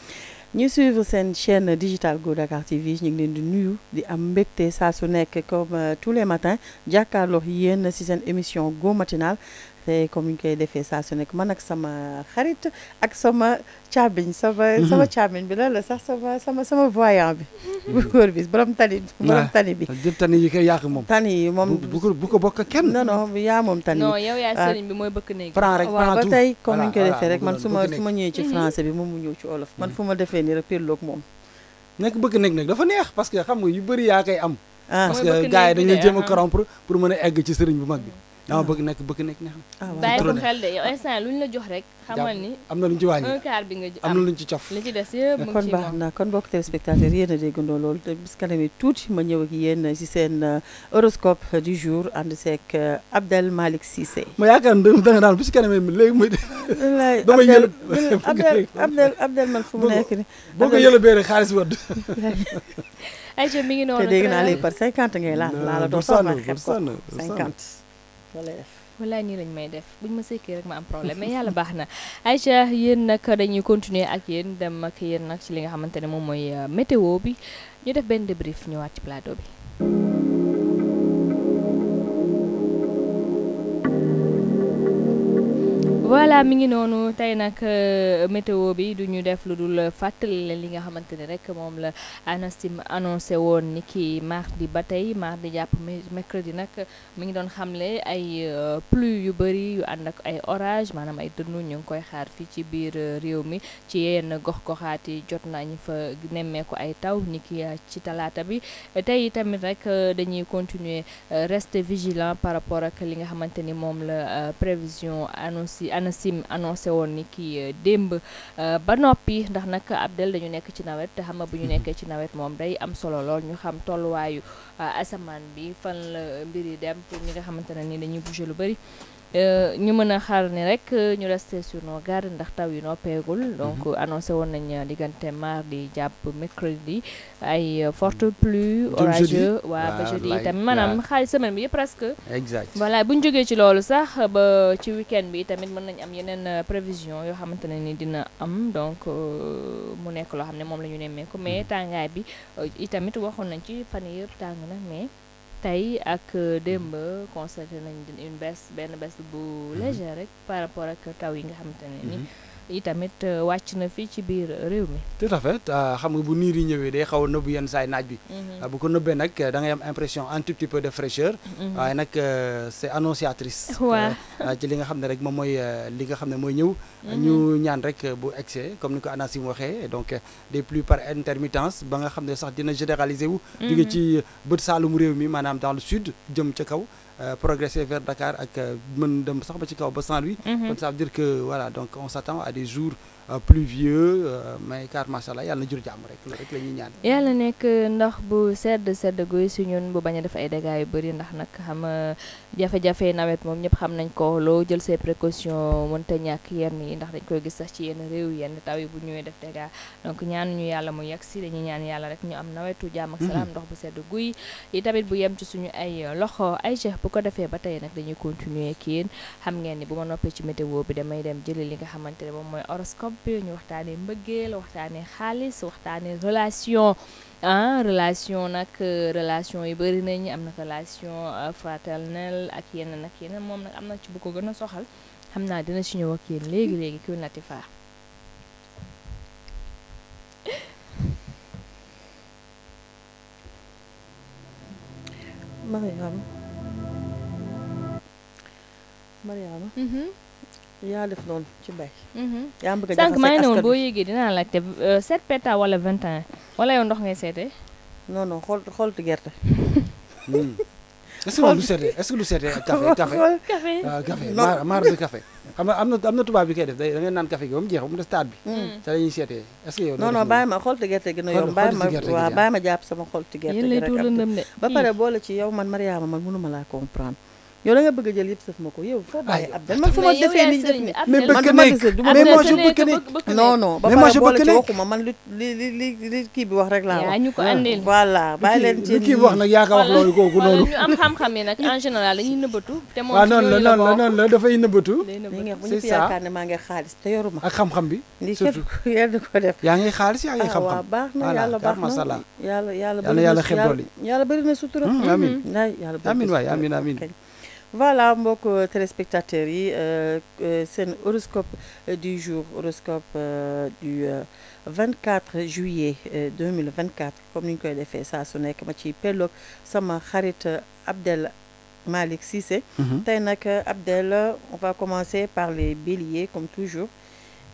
Nous suivons cette chaîne digitale Go TV nous ngi leen di nuyu di am comme euh, tous les matins jàkkaarloo yéen ci seen émission Go Matinal te comme ñu koy defee saa su nekk man ak sama xarit ak sama caabiñ sama. Mhm. sama caabiñ bi lan la sax sama sama sama voyant bi. Mhm. (laughs) bu góor bi borom tani. borom ah, tani bi waaw tani yi koy yàq moom. tani yi moom bu bu ko bokk kenn. non non yaa moom tani. non yow yaa ah. bi mooy bëkk néeg. prend rek prend tout waaw ba tey defee rek man su ma su ma ñëwee ci mhm. français bi moom mu ñëw ci olof. man fu ma defee nii rek pirloog moom. nekk bëkk néeg nag dafa neex parce que xam nga yu bëri yaa koy am. ah parce que gars yi dañuy jéem a ah. corrompre pour mën a egg ci sëriñ bu mag bi dama bëgg nekk bëgg nekk neex na. Ah, bàyyi ko xel de lu ñu la jox rek. xamal ni am na lu ñu ci bi nga am lu ñu ci cof. li ci des yëpp mu ngi kon kon mbokk téléspectateur yéen a déggandoo loolu te bis tuuti ma ñëw ak yéen ci seen euh, horoscope du jour ànd seek euh, Abdel Malick Cissé. ma yaakaar ne da nga daan bis kanam léegi muy. (laughs) damay yële (laughs) Abdel Abdel Abdel fu mu nekk nii. boo ko yële bee rek xaalis wadd. ayca (laughs) mi ngi noonu te dégg naa léegi par cinquante ngay laal. laala doo soxla xeeb ko cinquante loolu lay def wallaay nii lañ may def buñ ma sekkee rek ma am problème mais yàlla baax na (laughs) Aïcha yéen nag dañuy continuer ak yéen dem ak yéen nag ci li nga xamante ne moom mooy euh, météo bi ñu def benn débrief ñëwaat ci plateau bi voilà mi ngi noonu tey nag euh, météo bi du ñu def lu dul fàttali leen li nga xamante ni rek moom la ANACIM annoncé woon ni ki mardi ba tey mardi jàpp mercredi nag mu ngi doon xamle ay euh, pluie yu bëri yu ànd ak ay orage maanaam ay dënnu ñu ngi koy xaar fii ci biir euh, réew mi ci yenn gox-goxaat yi jot nañu fa nemmeeku ay taw ni ci talaata bi tey tamit rek dañuy continuer reste vigilant par rapport ak li nga xamante ni moom la prévision annoncé. ANACIM annoncé woon ni kii euh, démb euh, ba noppi ndax nag dell dañu nekk ci nawet te xam nga bu ñu mhm. nekkee ci nawet moom day am solo lool ñu xam tolluwaayu euh, asamaan bi fan la mbir yi dem pour ñi nga xamante ne ni dañuy bouger lu bëri. Euh, ñu mën a xaar ni rek euh, ñu rester sur nos gardes ndax taw yi noppeegul mhm. donc euh, annoncé woon nañ diggante mardi jàpp mercredi ay forte pluie orageux waa ba jeudi itam maanaam xaaj semaine bi yëpp presque exact voilà bu ñu jógee ci loolu sax ba ci week-end bi tamit mën nañ am yeneen prévision yoo xamante ne ni dina am donc mu nekk loo xam ne moom la ñu nemmeeku mais mhm. tàngaay bi itamit waxoon nañ ci fan yëpp tàng na mais tey ak euh, démb constaté nañ une baisse benn baisse bu mhm. légère rek par rapport ak taw yi nga xamante ne ni mhm. itamit euh, wàcc na fi ci biir euh, réew tout à fait euh, xam nga bu niir yi ñëwee xaw a naaj bi. Mhm. bu ko da l'impression impression un tout petit peu de fraîcheur. Mhm. waaye annonciatrice. (laughs) li nga rek li excès mhm. comme donc des par intermittence ba nga généraliser ci dans le sud jëm euh, progresser vers Dakar avec euh, mon dem sax ba ci kaw ba mhm. ça veut dire que voilà donc on s'attend à des jours. Euh, pluvieux euh, mais car macha allah yàlla na jur jàmm rek loolu la ñuy ñaan. nekk ndox bu sedd sedd guy su ñun bu bañ def ay dégâts yu bëri ndax nag xam euh, jafe-jafe nawet moom ñëpp xam nañ ko loo jël ses précautions mënta ñàkk yenn yi ndax dañ koy gis sax ci yenn réew yenn taw yi bu ñëwee def dégâts donc ñu yàlla mu yegg si dañuy ñaan yàlla rek ñu am nawetu jàmm ak mhm. salaam ndox bu sedd guy yi tamit bu yem ci suñu ay loxo ay cheikh bu ko defee ba tey nag dañuy continuer ak yéen xam ngeen ni bu ma noppee ci météo bi damay dem jëli li nga xamante ne moom mooy peu ñu waxtane mbeugël waxtane xaliss waxtane relation ah relation nak relation yu bari nañ amna relation fraternelle ak yeneen ak yeneen mom nak amna ci bu ko gëna soxal xamna dina ci ñëw ak yéen léegi léegi kii Latifa Mariama Mariama yaa def noonu ci mbay. Mhm. yaa bëgg a jaxase askan maa ngi woon boo yéegee dinaa laajte 7 euh, peta wala 21 wala yow ndox ngay seetee. non non xool xoolati gerte. (laughs) Hmm. est-ce que lu seetee est-ce que lu seetee ak (laughs) café café waaw (laughs) café ah, bi koy def da naan café gi mu jeex ba mu des taat bi hmm. te la ñuy seetee est-ce ma xolti gerte gi na yow bàyyi ma waaw ma sama xolti gerte gi rek ba pare hmm. boole ci yow man Mariama man mënuma laa comprendre yow da nga bëgg a jël yëpp sëf ma ko yow foo bàyyi Abdel man fu ma defee ni def ni mais bëgg nekk mais moi je bëgg nekk non non ba pare boole ci waxuma man li li li li kii bi wax rek laa wax ñu ko andil voilà bàyyi leen ci kii bi wax nag yaa ko wax loolu kooku noonu ñu am xam-xam yi nag en général dañuy nëbbatu te moom waaw noonu la noonu la noonu la dafay nëbbatu bu ñu fi yaakaar ne maa ngi xaalis te yoruma ak xam-xam bi li surtout yéen ko def yaa ngi xaalis yaa ngi ah, xam-xam waaw baax na yàlla baax na yàlla yàlla yàlla xeb dool yi yàlla bëri na sutura hmm, amiin yàlla amiin waay amiin amiin voilà de téléspectateurs c'est euh, euh, un horoscope euh, du jour horoscope du 24 juillet 2024 comme nous fait, ça Abdel Malik, mhm. Abdel on va commencer par les béliers comme toujours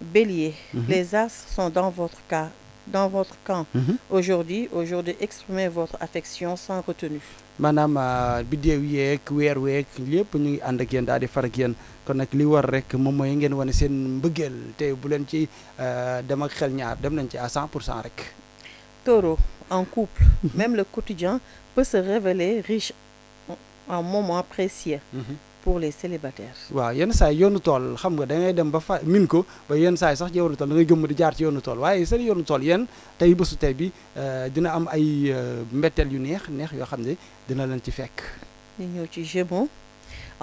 bélier. Mhm. les astres sont dans votre cas dans votre camp. Mhm. aujourd'hui aujourd'hui exprimez votre affection sans retenue maanaam ah, biddéew yeeg weer weeg lepp ñu ngi and ak yeen daal di far ak yeen kon nak li war rek moom mooy ngeen wane seen mbeugël té bu len ci ah, dem ak xel ñaar dem nañ ci à 100 rek. toro en couple (laughs) même le quotidien peut se révéler riche en moments appréciés Mm -hmm pour les célibataires waaw yenn say yi yoonu tool xam nga da ngay dem ba min ko ba yenn say sax yoonu tol da ngay gëmm di jaar ci yoonu tol waye seen yoonu tol yéen tay bésu tay bi euh dina am ay euh, mbettel yu neex neex yo xam dina leen ci fekk Ni ñëw ci jemon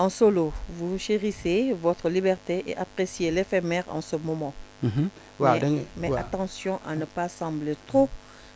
en solo vous chérissez votre liberté et appréciez l'éphémère en ce moment mhm. waaw da nga mais attention à ne pas sembler trop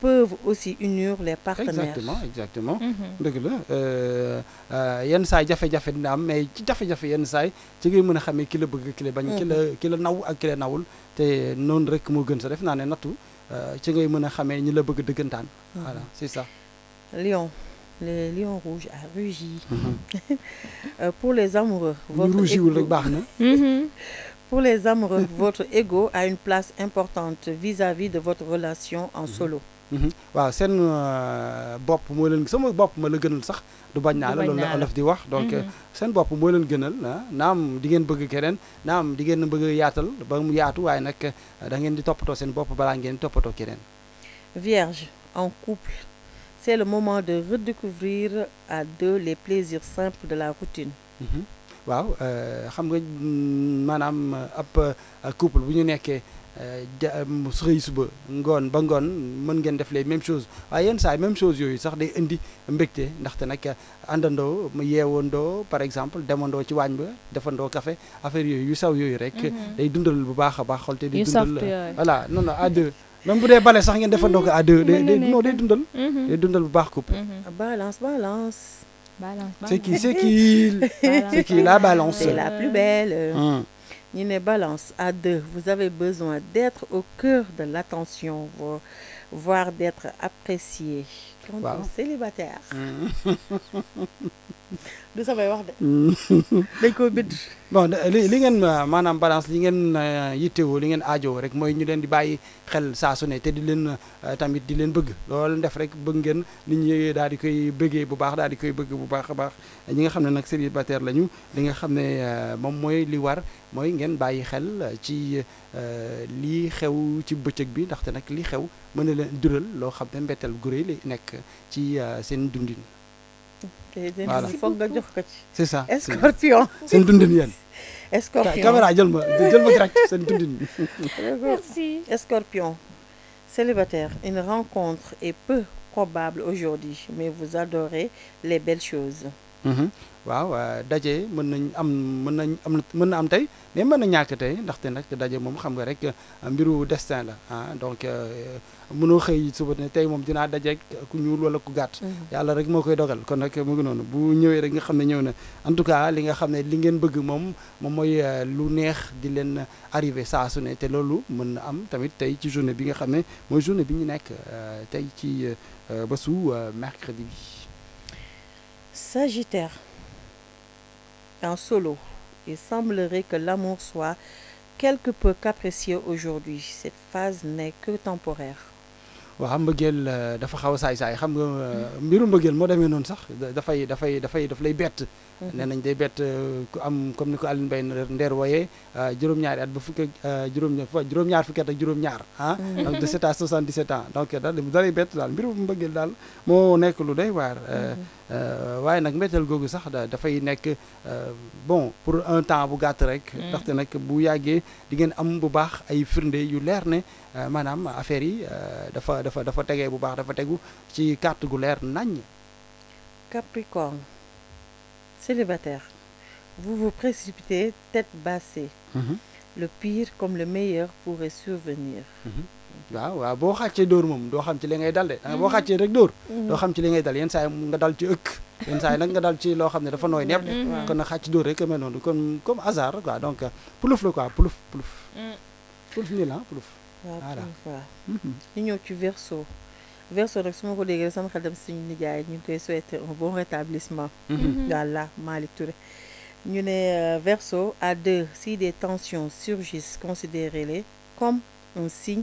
peuvent aussi unir les partenaires. exactement exactement. Mhm. dëgg la euh, euh, yenn saay jafe-jafe dina am mais ci jafe-jafe yenn saay ci ngay une a Tu ki la bëgg ki la bañ. ki la mhm. ki la le ak ki la nawul te non rek moo gën sa def naa ne nattu euh, ci ngay mën a xamee ñi la bëgg dëggantaan. Mhm. voilà c'est ça. Lion. le lion rouge a rugi. (laughs) pour les amoureux. votre ego (laughs) pour les amoureux votre ego a une place importante vis-à-vis -vis de votre relation en solo. Mhm. waaw seen euh, bopp moo leen sama bopp ma la gënal sax du bañ naa la loolu la olof di wax donc mhm. euh, seen bopp moo leen gënal ah, naam di ngeen bëgg keneen naam di ngeen bëgg yaatal ba mu yaatu waaye nag euh, da ngeen di toppatoo seen bopp balaa ngeen toppatoo keneen vierge en couple c'est le moment de redécouvrir à deux les plaisirs simples de la routine mhm. waaw xam nga mm, maanaam ab couple bu ñu nekkee eh, ja mm, xëy suba ngon ba ngon mën ngeen def les même chose waaye yenn saa même chose yooyu sax day indi mbégte ndaxte nag eh, àndandoo yeewandoo par exemple demandoo ci waañ ba defandoo café affaire yooyu yu saw yooyu rek. Mhm. day dundal bu baax a baax xol te dundal voilà non non à deux même bu dee bale sax ngeen defandoo ko à deux. day day mhm. non day dundal. Mhm. day dundal bu baax couple. balance balance. balance c'est qui c'est qui (laughs) c'est qui la balance. c'est la plus belle. Hein. Une balance à deux, vous avez besoin d'être au cœur de l'attention, voire d'être apprécié. Quand on célibataire. Mm. (laughs) Nous savez wax avoir des bon li li ngeen euh, maanaam balance li ngeen euh, yittewoo li ngeen aajowoo rek mooy ñu leen di bàyyi xel saa su ne te di leen euh, tamit di leen bëgg loolu ndef rek bëgg ngeen nit ñi daal di koy bëggee bu baax daal di koy bëgg bu baax a baax ñi nga xam ne nag célibataire lañu li nga xam ne moom mooy li war mooy ngeen bàyyi xel ci li xew ci bëccëg bi ndaxte nag li xew mën na leen dural loo xam ne mbetteel gu nekk ci seen dundin. c'est ça escorpion. seen escorpion merci escorpion. Célibataire, une rencontre est peu probable aujourd'hui, mais vous adorez les belles choses. waaw daje mën nañ am mën nañ am mën na am tey mais mën na ñàkk tey ndaxte nag daje moom xam nga rek mbiru destin la ah donc mënoo xëy suba ne tey moom dinaa daje ku ñuul wala ku gàtt yàlla rek moo koy dogal kon nag mu ngi noonu bu ñëwee rek nga xam ne ñëw na en tout cas li nga xam ne li ngeen bëgg moom moom mooy lu neex di leen arrivé saa su ne te loolu mën na am tamit tey ci journée bi nga xam ne mooy journée bi ñu nekk tey ci bésu mercredi bi Sagittaire. En solo, il semblerait que l'amour soit quelque peu capricieux aujourd'hui. Cette phase n'est que temporaire. je waaw mbëggeel euh, dafa xaw a saay saay xam nga euh, mbiru mbëggeel moo demee je sax dafay dafay dafay daf lay bett nee nañ day bett euh, ku am comme ni ko Alioune Mbaye ndeer wooyee euh, juróom-ñaari at ba fukki euh, juróom-ñaar juróom-ñaar fukki at ak juróom-ñaar ah mm. donc de 7 à 77 ans donc daal dalay bett daal mbir bu mbëggeel daal moo nekk lu day waar mm-hmm. waaye nag mbetteel googu sax dafay nekk bon pour un temps bu gàtt rek mm. ndaxte nag bu yàggee di ngeen am bu baax ay firnde yu leer ne maanaam affaire yi dafa dafa dafa tegee bu baax dafa tegu ci carte gu leer nañ Capricorne Célibataire, vous vous précipitez tête baissée. Mm -hmm. le pire comme le meilleur pourrait survenir. Mhm. waaw waaw boo xàccee dóor moom doo xam ci li ngay dal de ah, boo mhm. xàccee rek dóor. Mhm. doo xam ci li ngay dal yenn saa yi nga dal ci ëkk. yenn saa yi nag nga dal ci loo xam ne dafa nooy nepp de. kon nag xàcc dóor rek mel noonu comme comme hasard quoi donc puluf la quoi puluf puluf. Mm. puluf nii la ah puluf. voilà ñu ñëw ci verso. verso nag su ma ko déggee sama xel dem suñu nijaay ñu ngi koy souhaiter un bon rétablissement. yàlla mhm. Malick Touré. ñu ne euh, verso à deux si des tensions surgissent considérez-les comme un signe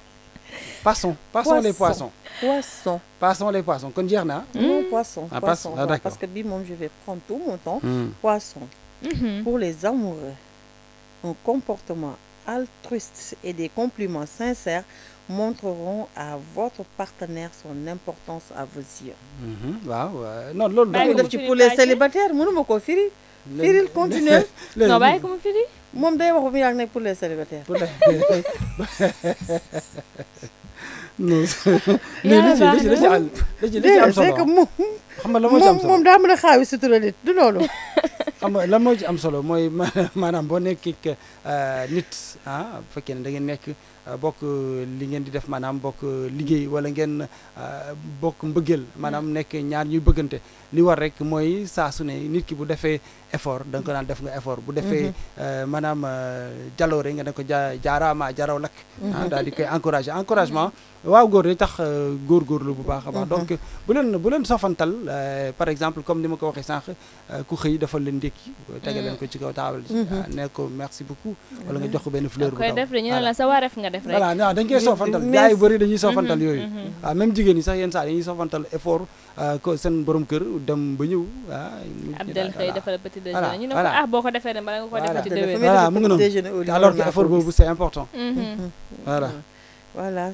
Passons, passons les poissons. Poissons, Passons les poissons. Qu'on dire, non Poisson. Ah, poisson. Ah, parce que je vais prendre tout mon temps. Hmm. poissons mhm. Pour les amoureux, un comportement altruiste et des compliments sincères montreront à votre partenaire son importance à vos yeux. Mhm, Waouh. non l'autre, pour les célibataires mënuma ko firi. firil (laughs) le non bàyyi comment mu firi. moom day wax ba mu pour les célibataires. (laughs) (laughs) yaa la ci la am c'est que moom. xam nga lan moo ci am daa mën a xaawi sutura nit du (laughs) xam nga lan moo ci am solo mooy (laughs) maanaam boo nekk euh, nit ah bu fekkee ne da ngeen nekk. Eh, bok li ngeen di def manam bok liggey wala ngeen eh, bok mbeugel manam nek ñaar ñuy bëggante li war rek moy sa su ne nit ki bu defé effort dang ko naan def nga effort bu manam eh, maanaam rek nga ko ja ma jaraw lak mhm. ah, dal di koy encourager encouragement waaw goor ni tax lu bu baax ba mhm. donc bu len bu len sofantal par exemple comme nima ko waxe sank ku xey defal len ndékki tege len mhm. ko ci kaw table ah, ne ko merci beaucoup wala nga jox ko ben fleur bu def dañu la sa nga def rek voilà waaw dañ koy soofantal gars yi bëri dañuy soofantal mhm, yooyu waaw mhm. ah, même jigéen ñi sax yenn saa dañuy soofantal effort ah, ko seen borom kër dem ba ñëw waaw ah, Abdel xëy defal petit déjeuner ñu ne ko ah boo ko defee ne bala nga ko def ci déwén voilà mu ngi noonu alors que effort boobu c'est important mhm. voilà voilà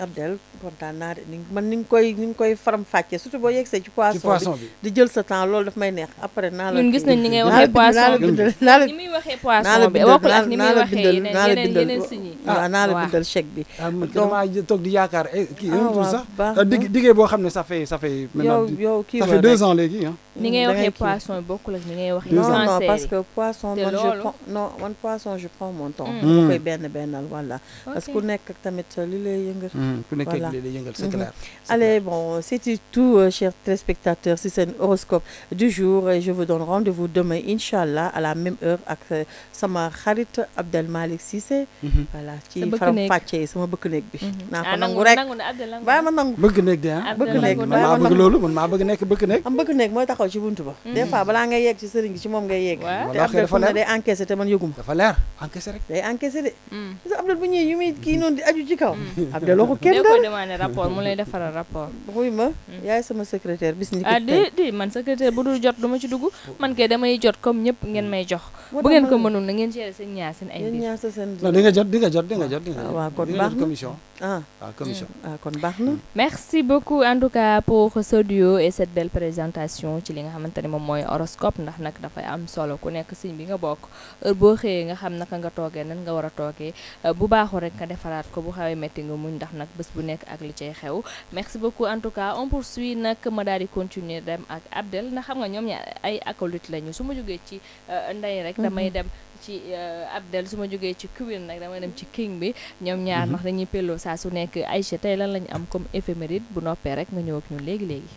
Abdel kontaan naa ni man ni nga koy ni nga koy faram fàccee surtout bo yexé ci poisson di jël sa temps loolu daf may neex après naa la ñun gis nañ ni ngay waxé poisson bi la ni mi waxé poisson bi bokkul la ni mi waxé yeneen yeneen yeneen signe waaw naa la bindal chèque bi ah, dama toog di yaakaar ki yëngatu tout ça diggee boo xam ne ça fait ça fait maintenant ça fait 2 ans léegi hein ni ngay waxé poisson bi bokkul ni ngay waxé non non parce que poisson man je non man poisson je prends mon temps ma ben ben voilà parce que nek tamit allez bon c'est tout euh, chers téléspectateurs c'est un horoscope du jour et je vous donne rendez-vous demain Inch'Allah, à la même heure avec euh, sama Abdel mm-hmm. voilà kaw am da loko kenn dara ko rapor, rapport mu lay rapor. rapport xuy ma yaay sama secrétaire bis ni ah di di man secrétaire bu dul jot duma ci dugg man kay damay jot comme ñepp ngeen may jox bu ngeen ko mënul na ngeen gérer sen ñaar sen ay mbir ñaar seen non di nga jot di nga jot di nga jot di nga wa kon commission oh. ah komision. commission ah kon oh. ah, baxna hmm. merci beaucoup en tout cas pour ce duo et cette belle présentation ci li nga xamanteni mom moy horoscope ndax nak da fay am solo ku nekk signe bi nga bok heure bo xeye nga xam naka nga toge nan nga wara toge bu baaxu rek nga defaraat ko bu xawé looy metti nga muñ ndax nag bés bu nekk ak li cay xew merci beaucoup en tout cas on poursuit nag ma daal di continuer dem ak Abdel ndax xam nga ñoom ñaar ay acolyte lañu su ma jógee ci euh, ndey rek mhm. damay dem ci euh, Abdel su ma jógee ci Queen nag damay dem ci King bi ñoom ñaar mhm. ndax dañuy pelloo saa su nekk Aïcha tey lan lañu am comme éphéméride bu noppee rek nga ñëw ak léegi léegi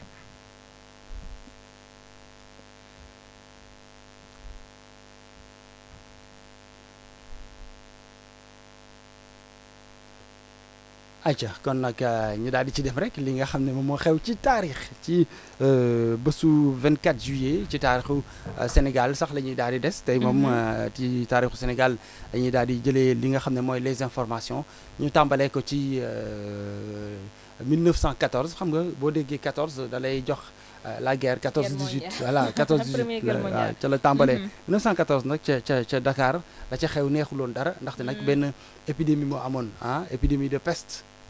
acha kon nak euh, ñu daal di ci def rek li nga xam mo moom moo xew ci taarix ci euh, bésu 24 juillet ci taarixu euh, Sénégal sax lañuy ñuy daal di des mhm. ci taarixu Sénégal dañuy daal di li nga xam moy les informations ñu tambalé ko ci 1914 xam nga bo déggee 14 da lay jox la guerre 14 18 voilà 14 18 (laughs) la le tambalé 1914 nak ca ca Dakar la ci xew neexuloon dara ndax nak mhm. ben épidémie mo amone hein épidémie de peste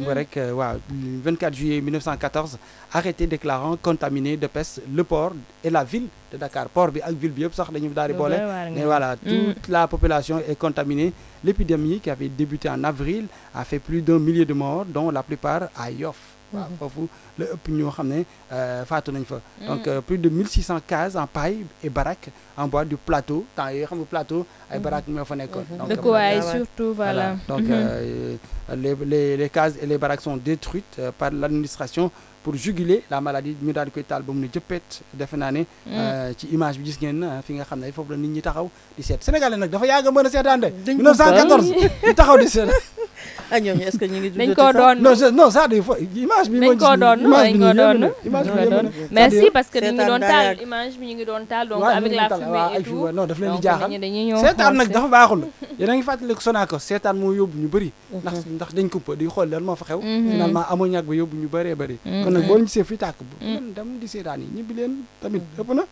Le euh, 24 juillet 1914 arrêté déclarant contaminé de peste le port et la ville de Dakar port et ville bi mais voilà mm. toute la population est contaminée l'épidémie qui avait débuté en avril a fait plus d'un millier de morts dont la plupart à Yoff waaw bah, mhm. foofu le ëpp ñoo xam euh, faatu nañ fa mm. donc euh, plus de 1600 cases en paille et baraques en bois du plateau temps yooyu plateaux et plateau ay mhm. baraques ñoo fa nekkoon mhm. dëkkuwaay surtout voilà donc euh, les les les cases et les baraques sont détruites euh, par l'administration pour juguler la maladie ñu daal di koy taal ba mu ne jëppeet defe mm. euh, ci image bi gis ngeen euh, fi nga xam ne foofu la nit ñi taxaw di seet sénégalais nag dafa yàgg a mën a seetaan ñu (laughs) ah, ñu doon taal image avec la fumée et tout non daf leen di jaaxal seetaan nag dafa baaxul yéen a ngi fàttaliku Sonacos seetaan moo yóbbu ñu bëri. Mhm. ndax ndax dañ ko di xool lan moo fa xew. Mhm. finalement amoon ñàkk ba yóbbu ñu bëree bëri. Mhm. nag mm. boo leen gisee fii tàkk bu mm. dem di seetaan yi tamit ëpp na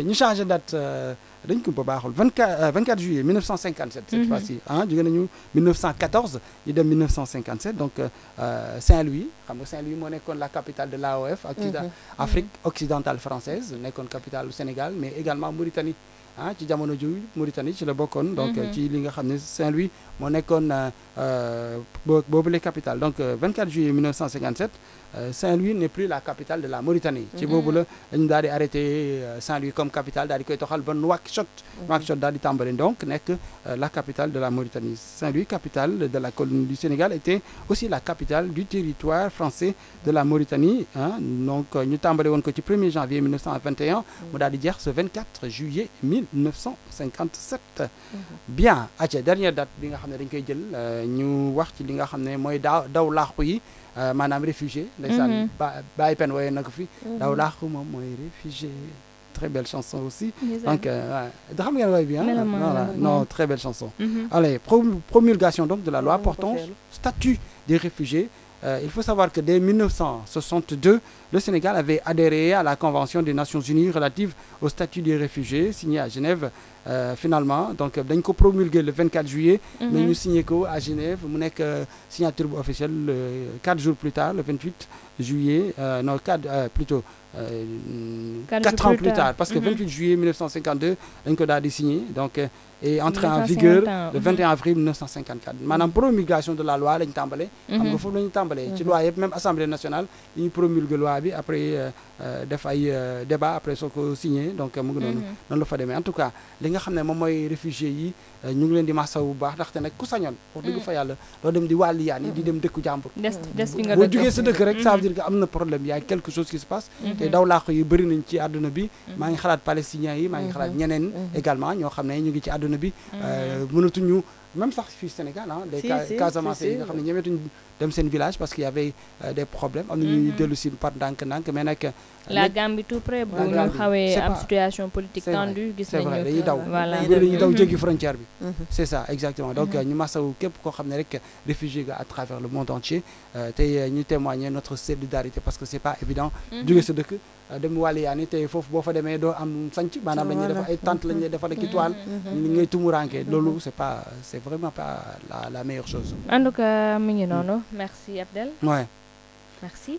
ñu date euh, dañ ko ba baaxul 24 24 euh, juillet 1957 cette mm-hmm. fois-ci hein jóge 1914 ñu dem 1957 donc euh, Saint-Louis xam nga Saint-Louis mo la capitale de l'AOF mm-hmm. Mm-hmm. Afrique occidentale française nekkoon capitale du Sénégal mais également Mauritanie hein ci jamono ju Mauritanie ci la bokkoon donc ci li nga xamné Saint-Louis moo nekkoon boobu les capitale donc 24 juillet 1957 euh, Saint-Louis n'est plus la capitale de la Mauritanie ci vous voulez, nous avons arrêté euh, Saint-Louis comme capitale daal di koy toxal ba Nouakchott mm-hmm. Nouakchott daal di donc nekk euh, la capitale de la Mauritanie Saint-Louis capitale de la colonie du Sénégal était aussi la capitale du territoire français de la Mauritanie Hein? donc ñu tàmbali woon ko ci 1er janvier 1921 mm-hmm. mu daal di ce 24 juillet 1957 mm-hmm. bien à la dernière date bi nga xam ne dañ koy jël ñu wax ci euh, madame réfugié les mhm. ba Baye Pen woyee na ko fi mhm. daw laaxu réfugié très belle chanson aussi donc xam euh, ngeen woy hein? voilà non très belle chanson mhm. allez promulgation donc de la oh, loi portant statut des réfugiés euh, il faut savoir que dès 1962, le Sénégal avait adhéré à la Convention des Nations Unies relative au statut des réfugiés, signée à Genève. Euh, finalement donc dañ promulgué le 24 juillet. Mhm. mais nous signé à Genève n'avons que euh, signature à officielle Officiel quatre jours plus tard le 28 juillet non 4 plutôt. quatre ans plus tard, parce que 28 mhm. juillet 1952 on a signé donc et entré en vigueur le 21 avril 1954 Madame promulgation de la loi la ñu tàmbalee. xam nga mhm. foofu mhm. loi même assemblée nationale promulgue la loi après euh, euh, def ay euh, débat après soo ko signé donc mu ngi noonu. Mhm. fa en tout cas les nga qui ñu ngi leen di masaw bu baax ndaxte nag ku sañoon wax dëgg fa yàlla doo dem di wàlli yi di dem dëkku jàmbur boo jógee sa dëkk rek ça veut mhm. dire am na problème yaay quelque chose qui se passe mhm. te daw laako bëri nañ ci àdduna bi mhm. maa ngi xalaat palestiniens yi maa ngi xalaat ñeneen également ñoo xam ne ñu ngi ci àdduna bi euh, mënatuñu même sax au Sénégal hein, des Casamance yi nga xam ne ñemetuñ dem seen village parce qu'il y avait euh, des problèmes on na ñuy mhm. dellu si par ndànk-ndànk mais nag euh, la Gambie tout près bu ñu xawee am situation politique tendue gis nañu vrai dañuy daw dañuy daw jéggi frontière bi mhm. c'est ça exactement donc mhm. euh, ñu masawu képp koo xam ne rek réfugié nga à travers le monde entier té ñu témoigner notre solidarité parce que c'est pas évident jóge sa dëkk dem wàllu yaa ni tey foofu fa démé do am sanc manam lañu def ay tante lañu defal ak toile ni ngay tumuraanke lolu c'est pas c'est vraiment pas la, meilleure chose. merci Abdel. Ouais. Merci.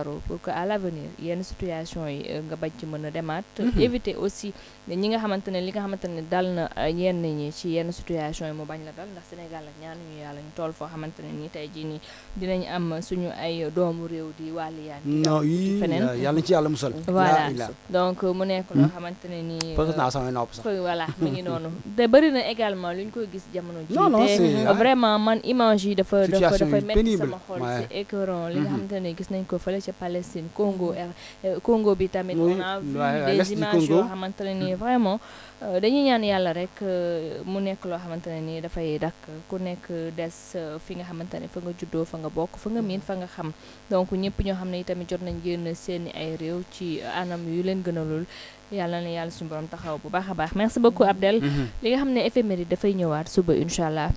defaru pour que à l'avenir yenn situation yi euh, nga bañ ci mën a demaat mhm. éviter aussi ñi nga xamante ne li nga xamante ne dal na euh, yenn ñi ci yenn situation yi mu bañ la dal ndax Sénégal ak ñaanu ñu yàlla ñu toll foo xamante ne nii tey jii nii dinañ am suñu ay doomu réew di wàlli yaan non yi feneen yàlla na ci yàlla musal voilà donc euh, mu nekk loo hmm. xamante ne nii voilà mu ngi noonu te bëri na également lu ñu koy gis jamono ji te vraiment man image yi dafa dafa dafa metti sama xol c'est écœurant li nga mhm. ca Palestine Congo mm-hmm. euh, Congo bi tamit on des images yoo xamante ne nii vraiment euh, dañuy ñaan yàlla rek euh, mu nekk loo xamante ne nii dafay dakk ku nekk des fi nga xamante ne fa nga juddoo fa nga bokk fa nga miin fa nga xam donc ñëpp ñoo xam ne itamit jot nañ génn seeni ay réew ci anam yu leen gënalul yàlla na yàlla suñu borom taxaw bu baax a baax merci beaucoup mm-hmm. Abdel mm-hmm. li nga xam ne éphéméride dafay ñëwaat suba incha allah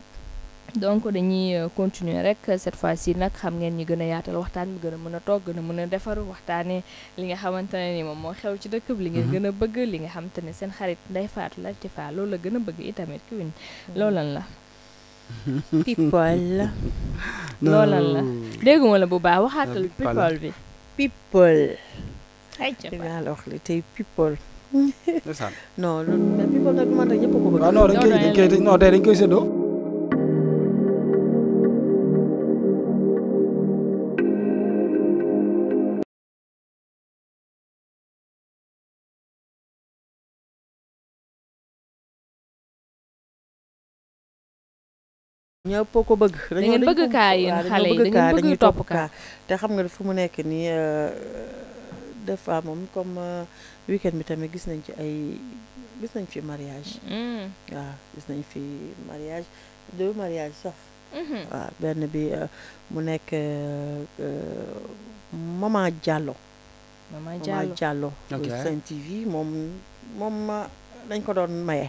donc dañuy euh, continuer rek cette fois-ci nag xam ngeen ñi gën a yaatal waxtaan bi gën a mën a togg na a mën a defar waxtaanee li nga xamante ne ni moom moo xew ci dëkk bi. li ngeen mhm. gën a bëgg li nga xamante ne seen xarit Ndeye Fatou Latyfa loolu la gën a bëgg itamit Queen mhm. loolan la. (laughs) people. (laughs) loolan la dégguma la bu baax waxaatal people bi. people. ay ca dinaa la wax li tey people. (laughs) non loolu ko bëgg. Ah, non tey dañ koy séddoo. ñëpp ko bëgg. dañoo bëgg kaa yéen xale yi dañu topp kaa te xam nga dafa mu nekk nii euh, des fois moom comme euh, weekend bi tamit gis nañ ci ay gis nañ fi mariage. Mm-hmm. waaw gis nañ fi mariage deux mariage sax. Mm-hmm. waaw benn bi euh, mu nekk Maman Diallo. Maman Diallo Maman Diallo. TV moom moom dañ ko doon maye.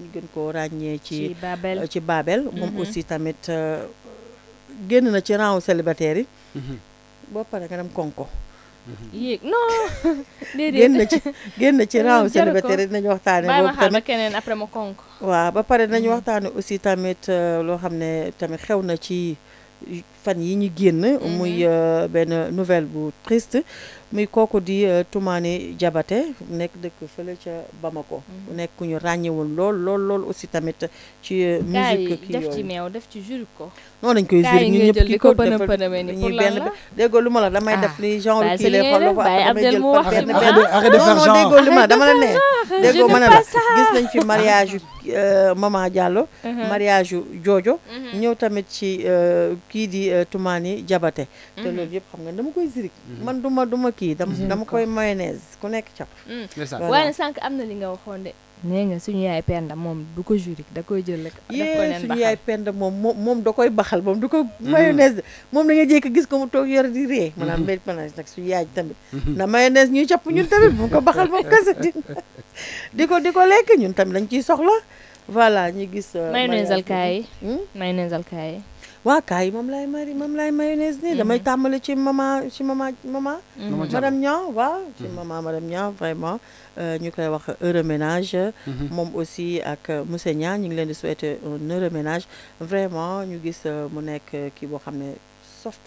ñu gën koo ràññee ci ci Babel mm-hmm. moom aussi tamit euh, génn na ci rang célibataire yi mm-hmm. boo paree nga dem konko mm-hmm. yéeg non (laughs) déedéet génn ci génn ci (laughs) rang célibataire yi dinañu waxtaane boobu tamit ba keneen après ma konk waa ba pare dinañu waxtaane aussi tamit euh, loo xam ne tamit xew na ci fan yi ñu génn mhm. muy euh, benn nouvelle bu triste muy kooku di euh, Toumani jabate nekk dëkk fële ca Bamako mhm. nekk ku ñu ràññewul lool lool lool aussi tamit ci euh, musique ki def ci meew def ci jur ko non dañ koy jur ñu ñëpp ki ko dafa ñuy benn déggoo lu ma la damay ah. def li genre kii lay xool ko damay jël lu ma la dama la ne déggoo ma la gis nañ fi mariage Euh, Mama Diallo. Mhm. mariage yu Jojo. Mhm. ñëw tamit ci euh, kii di euh, Toumani Jabate. Mhm. te loolu yëpp xam nga dama koy zirik. man duma duma kii dama koy mayonnaise ku nekk cap. voilà mm. waaye sànq am na li nga waxoon de. nee nga suñu yaay penda moom du ko jurique da koy jël rek. def ko penda moom moom moom da koy baxal moom du ko. Mm-hmm. mayonnaise moom da nga jékki gis ko mu toog yor di ree. Mm-hmm. maanaam mbéy panache nag suñu yaay tamit. Mm-hmm. na mayonnaise ñuy capp ñun tamit bu ko baxal moom kese (laughs) di ko di ko lekk ñun tamit dañ ciy soxla voilà ñu gis. Euh, hmm? mayonnaise alkaay yi mayonnaise alkaay yi waa kaay mari moom mayonnaise damay suis ci maman ci maman maman madame wa, ci maman madame suis vraiment wax je ménage mom aussi ak euh, monsieur ñu un vraiment ñu gis euh, mu euh, soft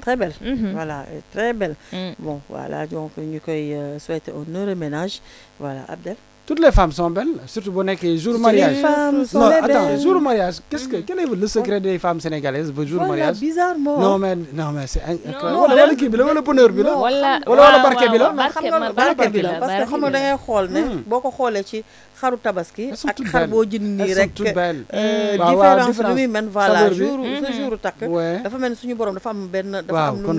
très belle. Mhm. Voilà, très belle. Mhm. Bon, voilà, donc nous euh, souhaitons un ménage. Voilà, Abdel. Toutes les femmes sont belles, surtout bonnes jour mariage. Les femmes sont non, jour mariage, que mhm. quel est le secret oh. des femmes sénégalaises le jour mariage? bizarrement. Non mais non mais c'est non le Voilà. parce que xaru tabaski ak xar boo jën nii rek euh, différence bi muy mel voilà jour mm-hmm. sa jour takk dafa mel suñu borom dafa am benn dafa am lu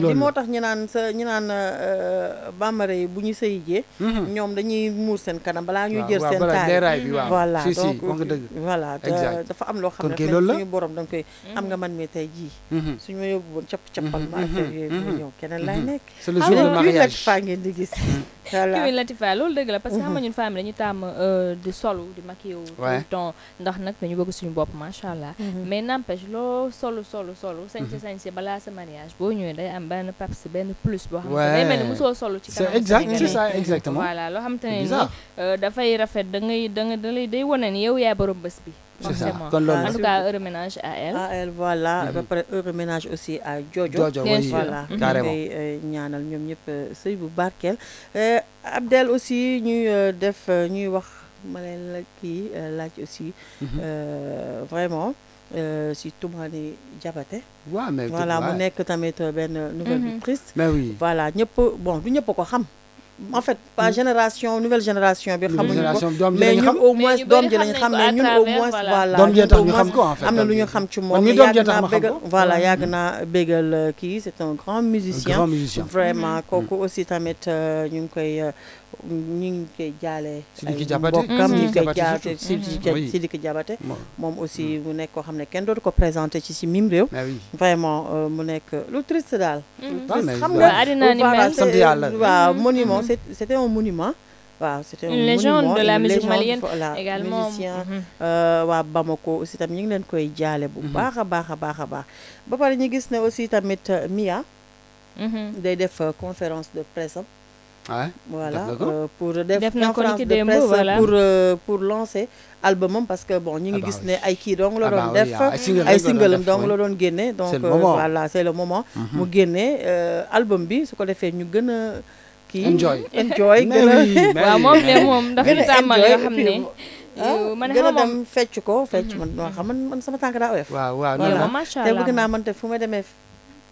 mu lay moo tax ñu sa ñu naan euh, bambara yi bu ñu sëyi jee mm-hmm. ñoom dañuy muur seen kanam balaa ñuy jël seen taay voilà donc voilà dafa am loo xam ne suñu borom da nga koy mm-hmm. am nga man mi tey jii suñu ma yóbbu woon capp cappal ma affaire yooyu ñëw keneen lay nekk c'est le jour ah, faa ngeen di gis voilà kii Latifa loolu dëgg la parce que xam nga mhm. ñun femme dañu tàmm euh, di solu di maquillé wu. tout temps ndax nag dañu bëgg suñu bopp macha allah. Mhm. mais n'empêche loo solu solu solu. sañse mhm. sañse balaa sa mariage boo ñëwee day am benn peps benn plus boo xam ne day mel ni mosoo solu ci kanam. c'est exact c'est ça loo xam te ne ni euh, dafay rafet dangay danga da nga day wane ni yow yaay borom bés bi. forcément. en tout cas, ménage à elle. voilà. Après, mm-hmm. ménage aussi à Jojo. voilà. Euh, euh, euh, Abdel aussi nous def ñuy wax aussi. Mm-hmm. vraiment. Euh, si que Diabaté. voilà nouvelle mm-hmm. triste. mais oui voilà bon en fait pas mm. génération nouvelle génération bi xamuñu mais ñun au moins doom ji lañ xam mais ñun au moins voilà doom jee tax ñu xam ko en fait am na lu ñu xam ci moom yàgg naa bégal voilà yàgg naa euh, bégal ki c'est un grand musicien vraiment mm-hmm. kooku aussi tamit euh, ñu ngi koy euh, ñu ngi mm. aussi monument c'était un monument. légende de la musique malienne également mm-hmm. euh, Bamako aussi tam koy bu mm-hmm. a baaxa euh, Mia. Mm-hmm. def euh, conférence de presse ah voilà euh, pour def conférence de presse voilà. pour euh, pour lancer album parce que bon ñi ngi ah gis bah né ay ki donc ah bah ah, la doon def ay single donc dong la doon génne donc voilà c'est le moment mhm. mu génne euh, album bi su ko defee ñu gëna ki enjoy enjoy (laughs) gën a waaw moom ne moom dafa tàmmal yoo xam man gën dem fecc ko fecc man xam mm-hmm. man man sama tànk daa oyof waaw waaw té bëgg naa man té fu ma demee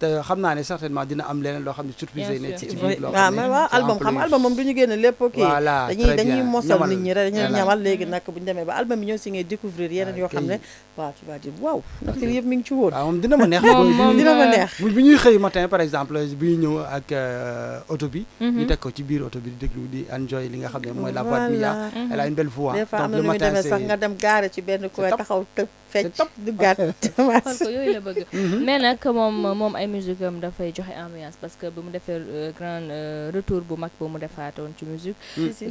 te xam naa ne certainement dina am leneen loo xam ne surprise yi nekk ci biir loo xam ne waaw album moom du ñu génne lépp ok dañuy dañuy nit ñi rek ñamal léegi nag bu ñu demee ba album bi ñëw si ngay découvrir yoo xam ne waaw tu vas ma neex dina ma bu ñuy xëy matin par exemple bu ñuy ñëw ak euh, auto mhm. ñu teg ko ci biir auto bi di déglu di enjoy li nga xam ne mooy la voix de Mia mhm. elle a une belle voix des am na nu muy sax nga dem gaare ci benn koy taxaw tëb fait du gàtt (laughs) (laughs) parce mhm. mais nag moom moom ay musique am dafay joxe ambiance parce que ba mu euh, grand euh, retour bu mag ba mu defaatoon ci musique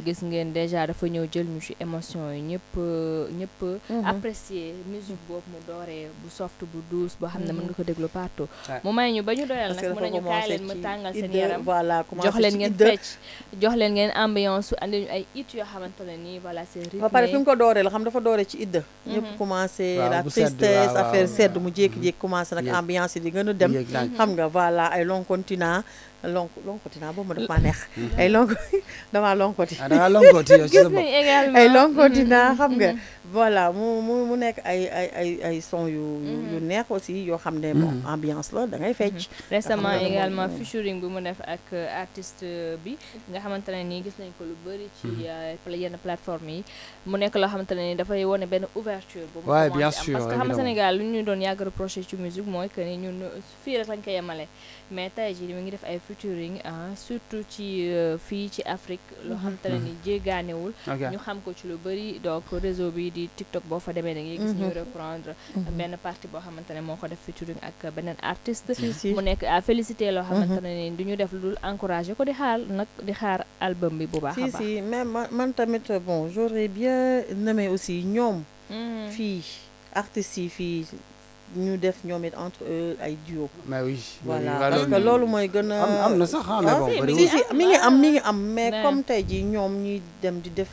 gis ngeen déjà dafa ñëw jël ñu ci émotion ñep ñëpp euh, mhm. apprécier musique bop mu dooree bu soft bu douce boo xam ne mën nga mhm. ko déglu partout mu may ñu bañu ñu doyal nag mën nañu kaay leen ma tangal seen yaram jox leen ngeen fecc jox leen ngeen ambiance andi ñu ay it yo xamante ne voilà c'est rythmé ba paré fi ko dooree la xam dafa dooree ci idde ñep commencer la tristesse affaire sedd mu jékki-jékki mm-hmm. commencé nak ambiance di gëna dem xam nga voilà ay long continent long long continent bo mo daf maa neex mm-hmm. ay long dama long continent ay long continent mm-hmm. xam nga voilà mu mu nek ay ay ay ay son yu. yu mhm. neex aussi yo xamné ne. bon mhm. ambiance la da ngay fecc. Mhm. récemment également featuring bi mu def ak euh, artiste euh, bi nga xamante ni gis nañ ko lu bëri. ci euh, yenn plateforme yi mu nek loo xamante ne nii dafay wane benn ouverture. bu mu am parce que xam Sénégal lu ñu doon yag reprocher ci musique moy que ni ñun fi rek lañ ko yamalé mais tay ji mi ngi def ay featuring hein, surtout ci fi ci Afrique. lo xamante ni nii jéggaanewul. ñu xam ko ci lu bëri donc réseau bi di TikTok boo fa demee da ngay gis ñu mhm. reprendre mhm. benn partie boo xamante ne moo ko def featuring ak beneen artiste mu nekk à féliciter loo mhm. xamante ne du ñu def lu dul encourager ko di xaar nag di xaar album bi bu baax a baax si si mais man tamit bon j'aurais bien nommé aussi ñoom fii artistes yi fii ñu def ñoom it entre eux ay duo. mais oui voilà parce que loolu mooy gën a. am na sax ah mais ah, bon. si si mi ngi am mi ngi am mais ah. comme tey jii ñoom ñuy dem di def.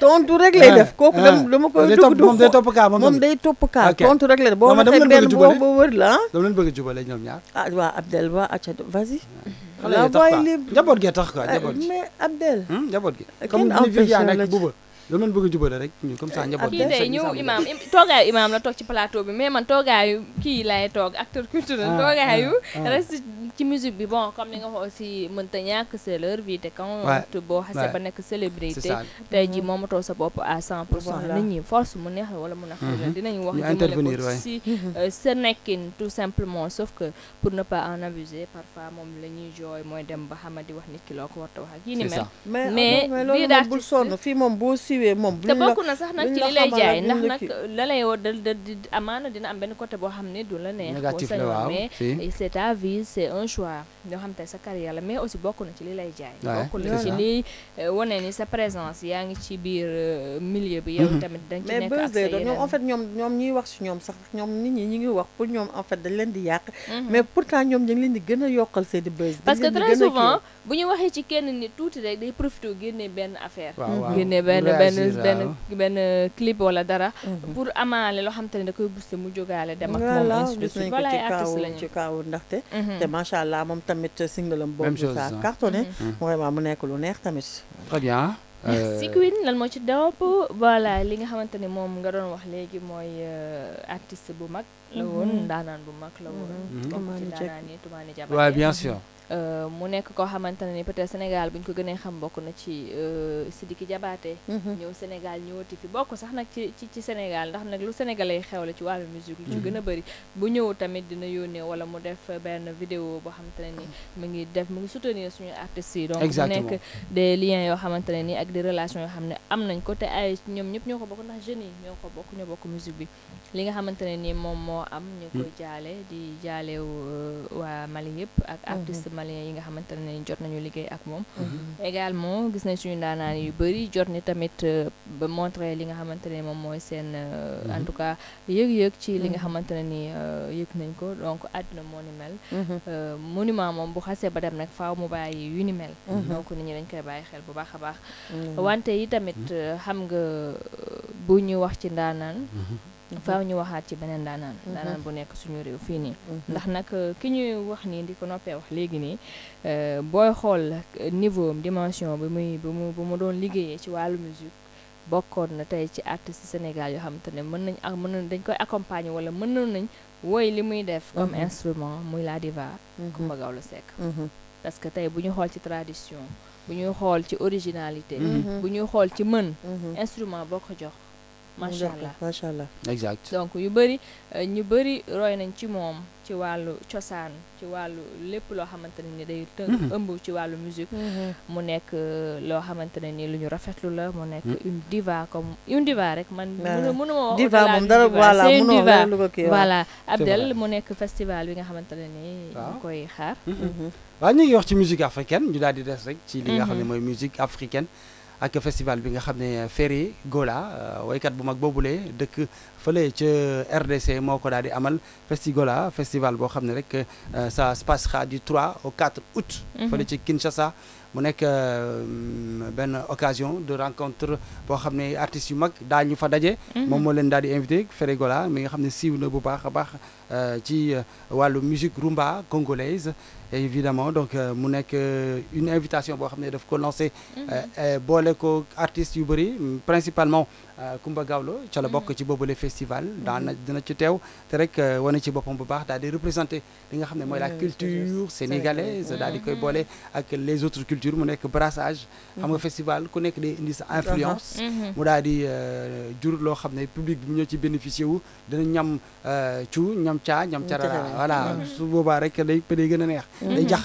tontu rek lay ah. def. kooku dama ah. ko dugg dugg moom day topp kaa moom day topp kaa tontu rek lay def boo matee benn boo ba wër la ah. a jubale ñoom ñaar. Ah, Abdel waa acca vas-y. xale yi tax quoi njaboot gee tax njaboot gi mais Abdel. Hmm, njaboot gi comme ni Viviane ak Bouba loolu man bëgg a jubale rek ñu comme ça eh, njaboot kii day ñëw imaam toogaayu imaam la toog ci plateau bi mais man toogaayu kii laay toog acteur culturel ah, toogaayu ah, ah. reste ci musique bi bon comme ni nga ko aussi mënta ñàkk c'est leur vie te quand boo xasee ba nekk célébrité tey ji mm-hmm. moomatoo sa bopp à cent pour cent nit ñi force mu neex la wala mu neex la mm-hmm. dinañu wax jëmale ko si mm-hmm. euh, sa nekkin tout simplement sauf que pour ne pas en abuser parfois moom la ñuy mooy dem ba xamadi wax nit ki loo ko warta wax ak kiiwee moom. te bokk na sax nag ci li lay jaay ndax nag la lay woo da da amaana dina am benn côté boo xam ne du la neex. négatif la waaw mais c'est ta c'est un choix yoo xam te sa carrière la mais aussi bokk na ci li lay jaay. bokk na ci li euh, wane ni sa présence yaa ngi ci biir euh, milieu bi. yow mhm. tamit dañ ci nekk ak sa yeneen mais ñoom en fait ñoom ñoom dañ leen di yàq. Mhm. mais ngi leen di a i buzz. parce que très souvent bu ñu waxee ci kenn nit tuuti rek day profité génne benn benn benn benn clip wala dara pour amaale loo xam te ne da koy booster mu jógaale dem ak moom ainsi de suite voilà ay artistes lañu ci kaawu ndaxte te macha allah moom tamit single am boobu ça cartonné vraiment mu nekk lu neex tamit très bien merci Queen lan moo ci dopp voilà li nga xamante ni moom nga doon wax léegi mooy artiste bu mag la woon ndaanaan bu mag la woon comme ci daanaan yi Toumani Diabaté waaw bien sûr Euh, mu nekk koo xamante ne ni peut-être Sénégal bu ñu ko gënee xam bokk na ci euh, dikki jabaate mm-hmm. ñëw Sénégal ñëwati fi bokk sax nag ci ci ci Sénégal ndax nag lu xew la ci wàllu musique lu ci mm-hmm. gën a bëri bu ñëw tamit dina yónnee wala mu def benn vidéo boo xamante ne ni mu ngi def mu ngi soutenir suñu artistes yi donc mu nekk des lien yoo xamante ne ni ak des relation yoo xam ne am nañ ko te ay ñoom ñëpp ñoo ko bokk ndax jeunes yi ñoo ko bokk ñoo bokk musique bi li nga xamante ne ni moom moo am ñu mm. koy jaale di jaalew euh, waa Mali yëpp ak mm-hmm. malien yi nga xamante ne ni jot nañu liggéey ak moom mhm. également gis nañ suñu ndaanaan yu bëri jot ni tamit euh, ba montré li nga xamante ne moom mooy seen euh, en mhm. tout cas yëg-yëg ci li nga mhm. xamante ne ni euh, yëg nañ ko donc àdduna moo ni mel monument moom bu xasee ba dem nag faaw mu bàyyi yu ni mel donc nit ñi dañ koy bàyyi xel bu baax a baax wante yi tamit xam nga bu ñu wax ci ndaanaan faaw ñu waxaat ci beneen daanaan mhm. daanaan bu nekk suñu réew fii nii mhm. ndax nag euh, ki ñuy wax nii di ko noppee wax léegi nii euh, booy xool niveau dimension bi muy bi mu bi mu doon liggéeyee ci wàllu musique bokkoon na tey ci artiste Sénégal yoo xam te ne mën nañ ak mën nañ dañ koy accompagner wala mën nañ woy li muy def comme mhm. instrument muy la diva Coumba Gawlo Seck parce que tey bu ñuy xool ci tradition bu ñuy xool ci originalité bu ñuy xool ci mën instrument boo ko jox macha allah macha allah exact donc yu bëri euh, ñu bëri roy nañ ci moom ci wàllu cosaan ci wàllu lépp loo xamante ne ni day tënk mhm. ëmb ci wàllu musique mhm. mu nekk euh, loo xamante ne ni lu ñu rafetlu la mu nekk mhm. une diva comme une diva rek man mënu mënu ma wax diva moom dara voilà mënu diva mu nekk festival bi nga xamante ne ni ñu koy xaar waaw ñu ngi wax ci musique africaine ñu daal di des rek ci li nga xam ne mooy musique africaine ak festival bi nga xamné ne Ferry Gola euh, waykat bu mag bobulé dëkk fële ci RDC moko ko daal di amal Festigola festival bo xamné rek euh, ça se passera du 3 au 4 août. Mhm. fële ci Kinshasa. mu nek euh, ben occasion de rencontre bo xamné artiste artistes yu mag daañu fa dajé mom mhm. mo leen daal invité Ferry Gola mi nga xamné ne siiw bu baax baax. Euh, ci euh, wàllu musique rumba congolaise évidemment donc euh, mu nekk une invitation boo xam de daf ko lancé mhm. boole ko artistes yu principalement Kumba Gawlo ca la mhm. bokk ci le festival daana dina ci teew te rek wane ci boppam bu baax représenter li nga la culture sénégalaise daal di koy mhm. boole ak les autres cultures mu nekk brassage xam nga festival ku nekk des indi sa uh-huh. influence mu daal di jur loo public bi ñoo ci bénéficier wu dina ñam cu ñoom caa ñoom carara voilà su boobaa rek day day gën a neex mm-hmm. day jax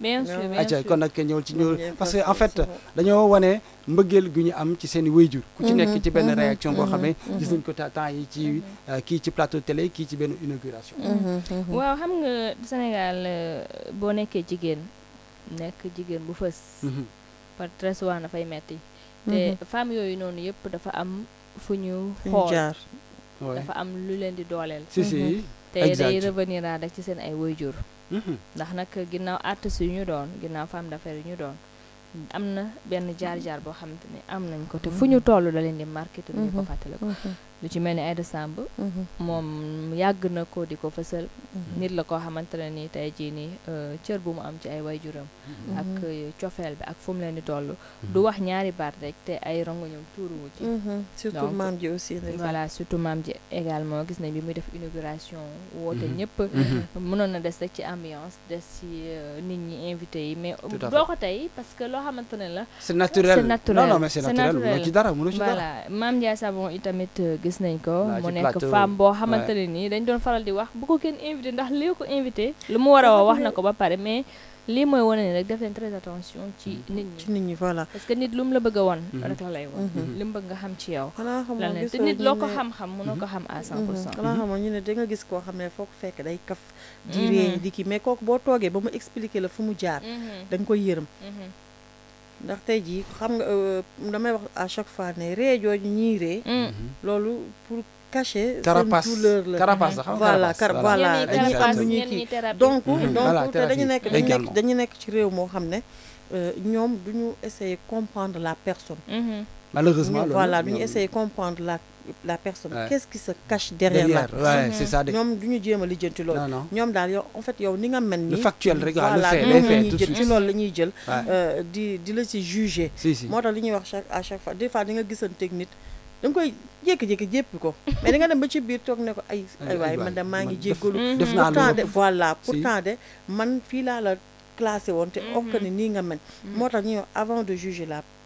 bien sûr bien sûr kon nag ñëwul ci ñu parce que en fait dañoo wane mbëggeel gu ñu am ci seeni i wayjur ku ci mhm, nekk ci benn mhm, réaction boo mhm, xam ne gis nañ ko temps yi ci euh, kii ci plateau télé kii ci benn inauguration waaw xam nga Sénégal euh, boo nekkee jigéen nekk jigéen bu fës par très souvent dafay metti te femmes yooyu noonu yëpp dafa am fu ñu xool dafa am lu leen di dooleel te day revenir rek ci seen ay wayjur Mm-hmm. ndax nag ginnaaw artistes yu ñu doon ginnaaw femme d'affaires yu ñu doon am na benn jaar-jaar boo xamante ni am nañ ko te mm-hmm. fu ñu toll da leen di marqué te ñu ko mm-hmm. fàttaliku lu ci mel ni Aïda Samb mhm. moom yàgg na ko di ko fësal mhm. nit la koo xamante ne ni tey jii ni euh, cër bu mu am ci ay waajuram mhm. ak euh, cofeel bi ak fu mu leen di toll du wax ñaari baat rek te ay rongoñam tuuruwu ci surtout maam ji aussi voilà surtout maam ji également gis nañ bi muy def inauguration woote ñëpp mënoon na des rek ci ambiance des ci euh, nit ñi invité yi mais doo ko tey parce loo xamante ne la c'est naturel non non mais c'est naturel mënoo ci dara mënoo ci dara voilà maam Ndiaye Savon itamit gis nañ ko mu nekk femme boo xamante ne nii dañ doon faral di wax bu ko kenn invité ndax lii ko invité lu mu war a wax wax na ko ba pare mais lii mooy wane ne rek def leen très attention ci mm-hmm. nit ñi ci nit ñi voilà parce que nit lu mu la bëgg a won mm-hmm. rek la lay won mm-hmm. li mu bëgg nga xam ci yow lan te nit loo ko xam-xam a ko xam à 100 pour cent xanaa ne da nga gis koo xam ne foo ko fekk day kaf di réeñ di mais kooku boo toogee ba mu expliqué la fu mu jaar da nga koy yërëm Euh, à chaque fois mm. mhm. pour cacher carapace douleur carapace voilà voilà donc mhm. donc dañu euh, comprendre la personne mhm. Malheureusement. voilà, nous essayons de comprendre la, personne. Qu'est-ce qui se cache derrière, mm-hmm. c'est ça. Nous, Nous, en fait, nous Le factuel, regarde, le fait, tout de Nous, nous euh, juger. à chaque fois, des fois, nous technique. mais man da voilà pourtant man classé mm-hmm. ni mm-hmm. avant de juger la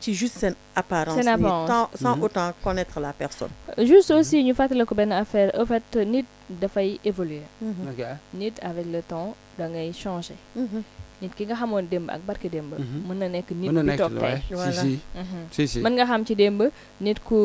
ci juste seen apparence ni sans sans mhm. autant connaître la personne juste aussi ñu fàttali ko benn affaire en fait nit dafay évoluer mhm. nit avec le temps da ngay changer mhm. nit ki nga xamoon démb ak barke démb mën na nekk nit bi toog tey si si mën nga xam ci démb nit ku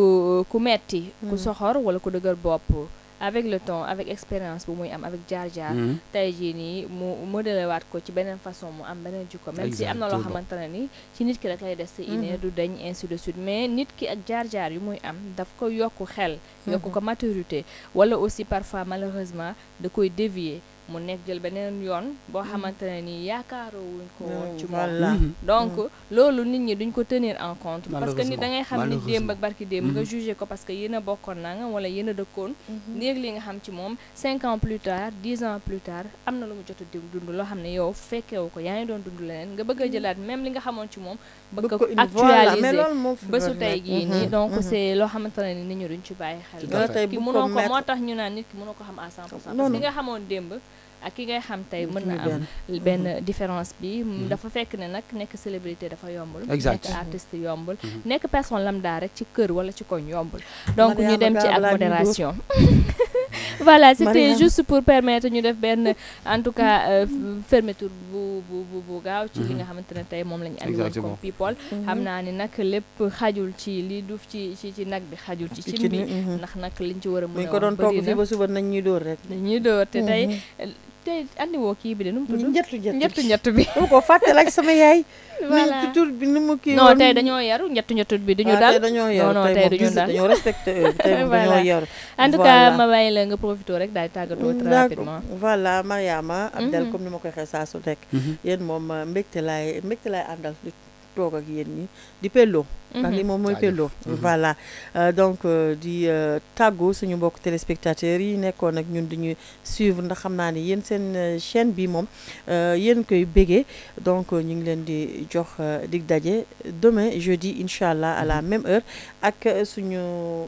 ku metti ku soxor wala ku dëgër bopp avec le temps avec expérience pour moi, am avec jaar-jaar mm-hmm. tey jii nii mu modélé waat ko ci benen façon mu am benen jikko même si am na loo xamante ni ci nit ki rek lay dess ci inné du dañ ainsi de suite mais nit ki ak jaar-jaar yu muy am daf ko yokk xel yokk ko mm-hmm. maturité wala aussi parfois malheureusement da koy dévier mu nekk jël beneen yoon boo xamante ne nii yaakaaroo wuñ ko woon ci moom mhm. donc loolu nit ñi duñ ko tenir en compte parce que nit da ngay xam ni démb ak barki démb nga mhm. jugé ko parce que yéen bokkoon naa nga wala yéen dëkkoon néeg mhm. li nga xam ci moom cinq ans plus tard dix ans plus tard am na lu mu jot a dund loo xam ne yow fekkewu ko yaa ngi doon dund leneen nga bëgg a jëlaat même li nga xamoon ci moom bëgg ko actualiser bésu tey gii nii donc c'est loo xamante ne ni nit ñi ci bàyyi xel ki tax ñu naan nit ki mënoo ko xam à cent pour cent li nga xamoon démb ak ki ngay xam tey mën na am mhm. benn différence bi mhm. dafa fekk ne nag nekk célébrité dafa yombul nekk artiste yombul mhm. nekk personne lambda rek ci kër wala ci koñ yombul donc ñu dem ci ak modération (laughs) (laughs) voilà c'était juste pour permettre ñu def benn en tout cas euh, fermeture bu bu bu bu gaaw ci li nga xamante ne tey moom andi comme people xam naa ni nag lépp xajul ci li duuf ci ci ci nag bi xajul ci cin bi ndax nag liñ ci war a mën a ko doon togg ñuy dóor rek nañ ñuy te tey te andi kii bi de nu mu tudd njëttu njëttu njëttu bi dama ko fàttal ak sama yaay (laughs) voilà tur bi nu mu kii non tey dañoo yaru njëttu njëttu bi duñu ah, dal dañoo yaru non tey duñu dal dañoo respecté tey dañoo yaru en tout ma bàyyi la nga profité rek daal di tàggatoo très rapidement voilà Mariama Abdel mhm. comme ni ma koy xee saa su nekk mhm. yéen moom mbégte laay mbégte laay àndal toog ak yenn ni di pelloo mhm. ndax li moom mooy pelloo mhm. voilà euh, donc euh, di euh, tàggu suñu mbokk téléspectateurs yi nekkoon ak ñun diñu suivre ndax xam naa ne yéen seen chaîne bi moom yéen koy bégee donc ñu ngi leen di jox dig daje demain jeudi incha allah à la mhm. même heure ak suñu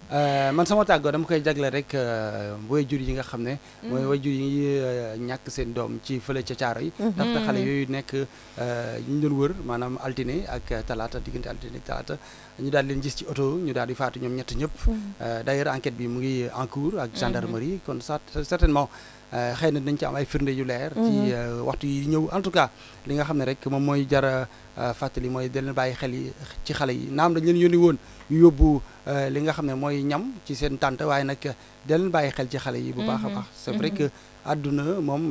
Euh, man sama tàggoo dama koy jagle rek euh, waajur yi nga xam ne mm. mooy waajur yi euh, ñàkk seen doom ci fële ca caaro yi mm-hmm. ndaxte xale yooyu nekk ñu doon wër maanaam altine ak talaata diggante altine ak talaata ñu daal leen gis ci oto ñu daal di faatu ñoom ñett ñëpp mm-hmm. d'ailleurs enquête bi mu ngi en cours ak mm-hmm. gendarmerie kon certainement Euh, xëy na dañ ci am ay firnde yu leer. ci mhm. euh, waxtu yi ñëw en tout cas li nga xam ne rek moom mooy jara euh, fàttali mooy da bàyyi xel yi ci xale yi naam dañ leen yónni woon yóbbu li nga xam ne mooy ñam ci seen tànt waaye nag da bàyyi xel ci xale yi. bu baax a mhm. baax c'est vrai mhm. que àdduna moom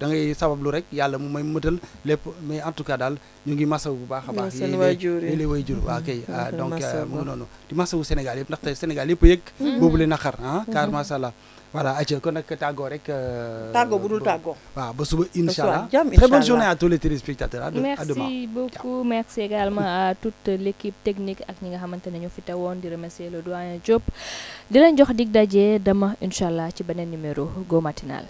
da ngay sabablu rek yàlla mu may mëtal lépp mais en tout cas daal ñu ngi masawu bu baax a baax. seen waajur yi lii jur waa kay. donc mu ngi noonu di masawu Sénégal yëpp ndaxte Sénégal yëpp yëg. boobu leen naqar ah car macha allah. voilà je connais que tàggoo rek. Euh, tàggoo budul Tago. Wa ba suba inshallah. très bonne journée à tous les téléspectateurs. Hein, à demain merci beaucoup merci également à toute l'équipe technique ak ñi nga xamantene ñu fi teewoon di remercier le doyen Diop. di leen jox dig dajé dama inshallah ci benen numéro Go Matinal.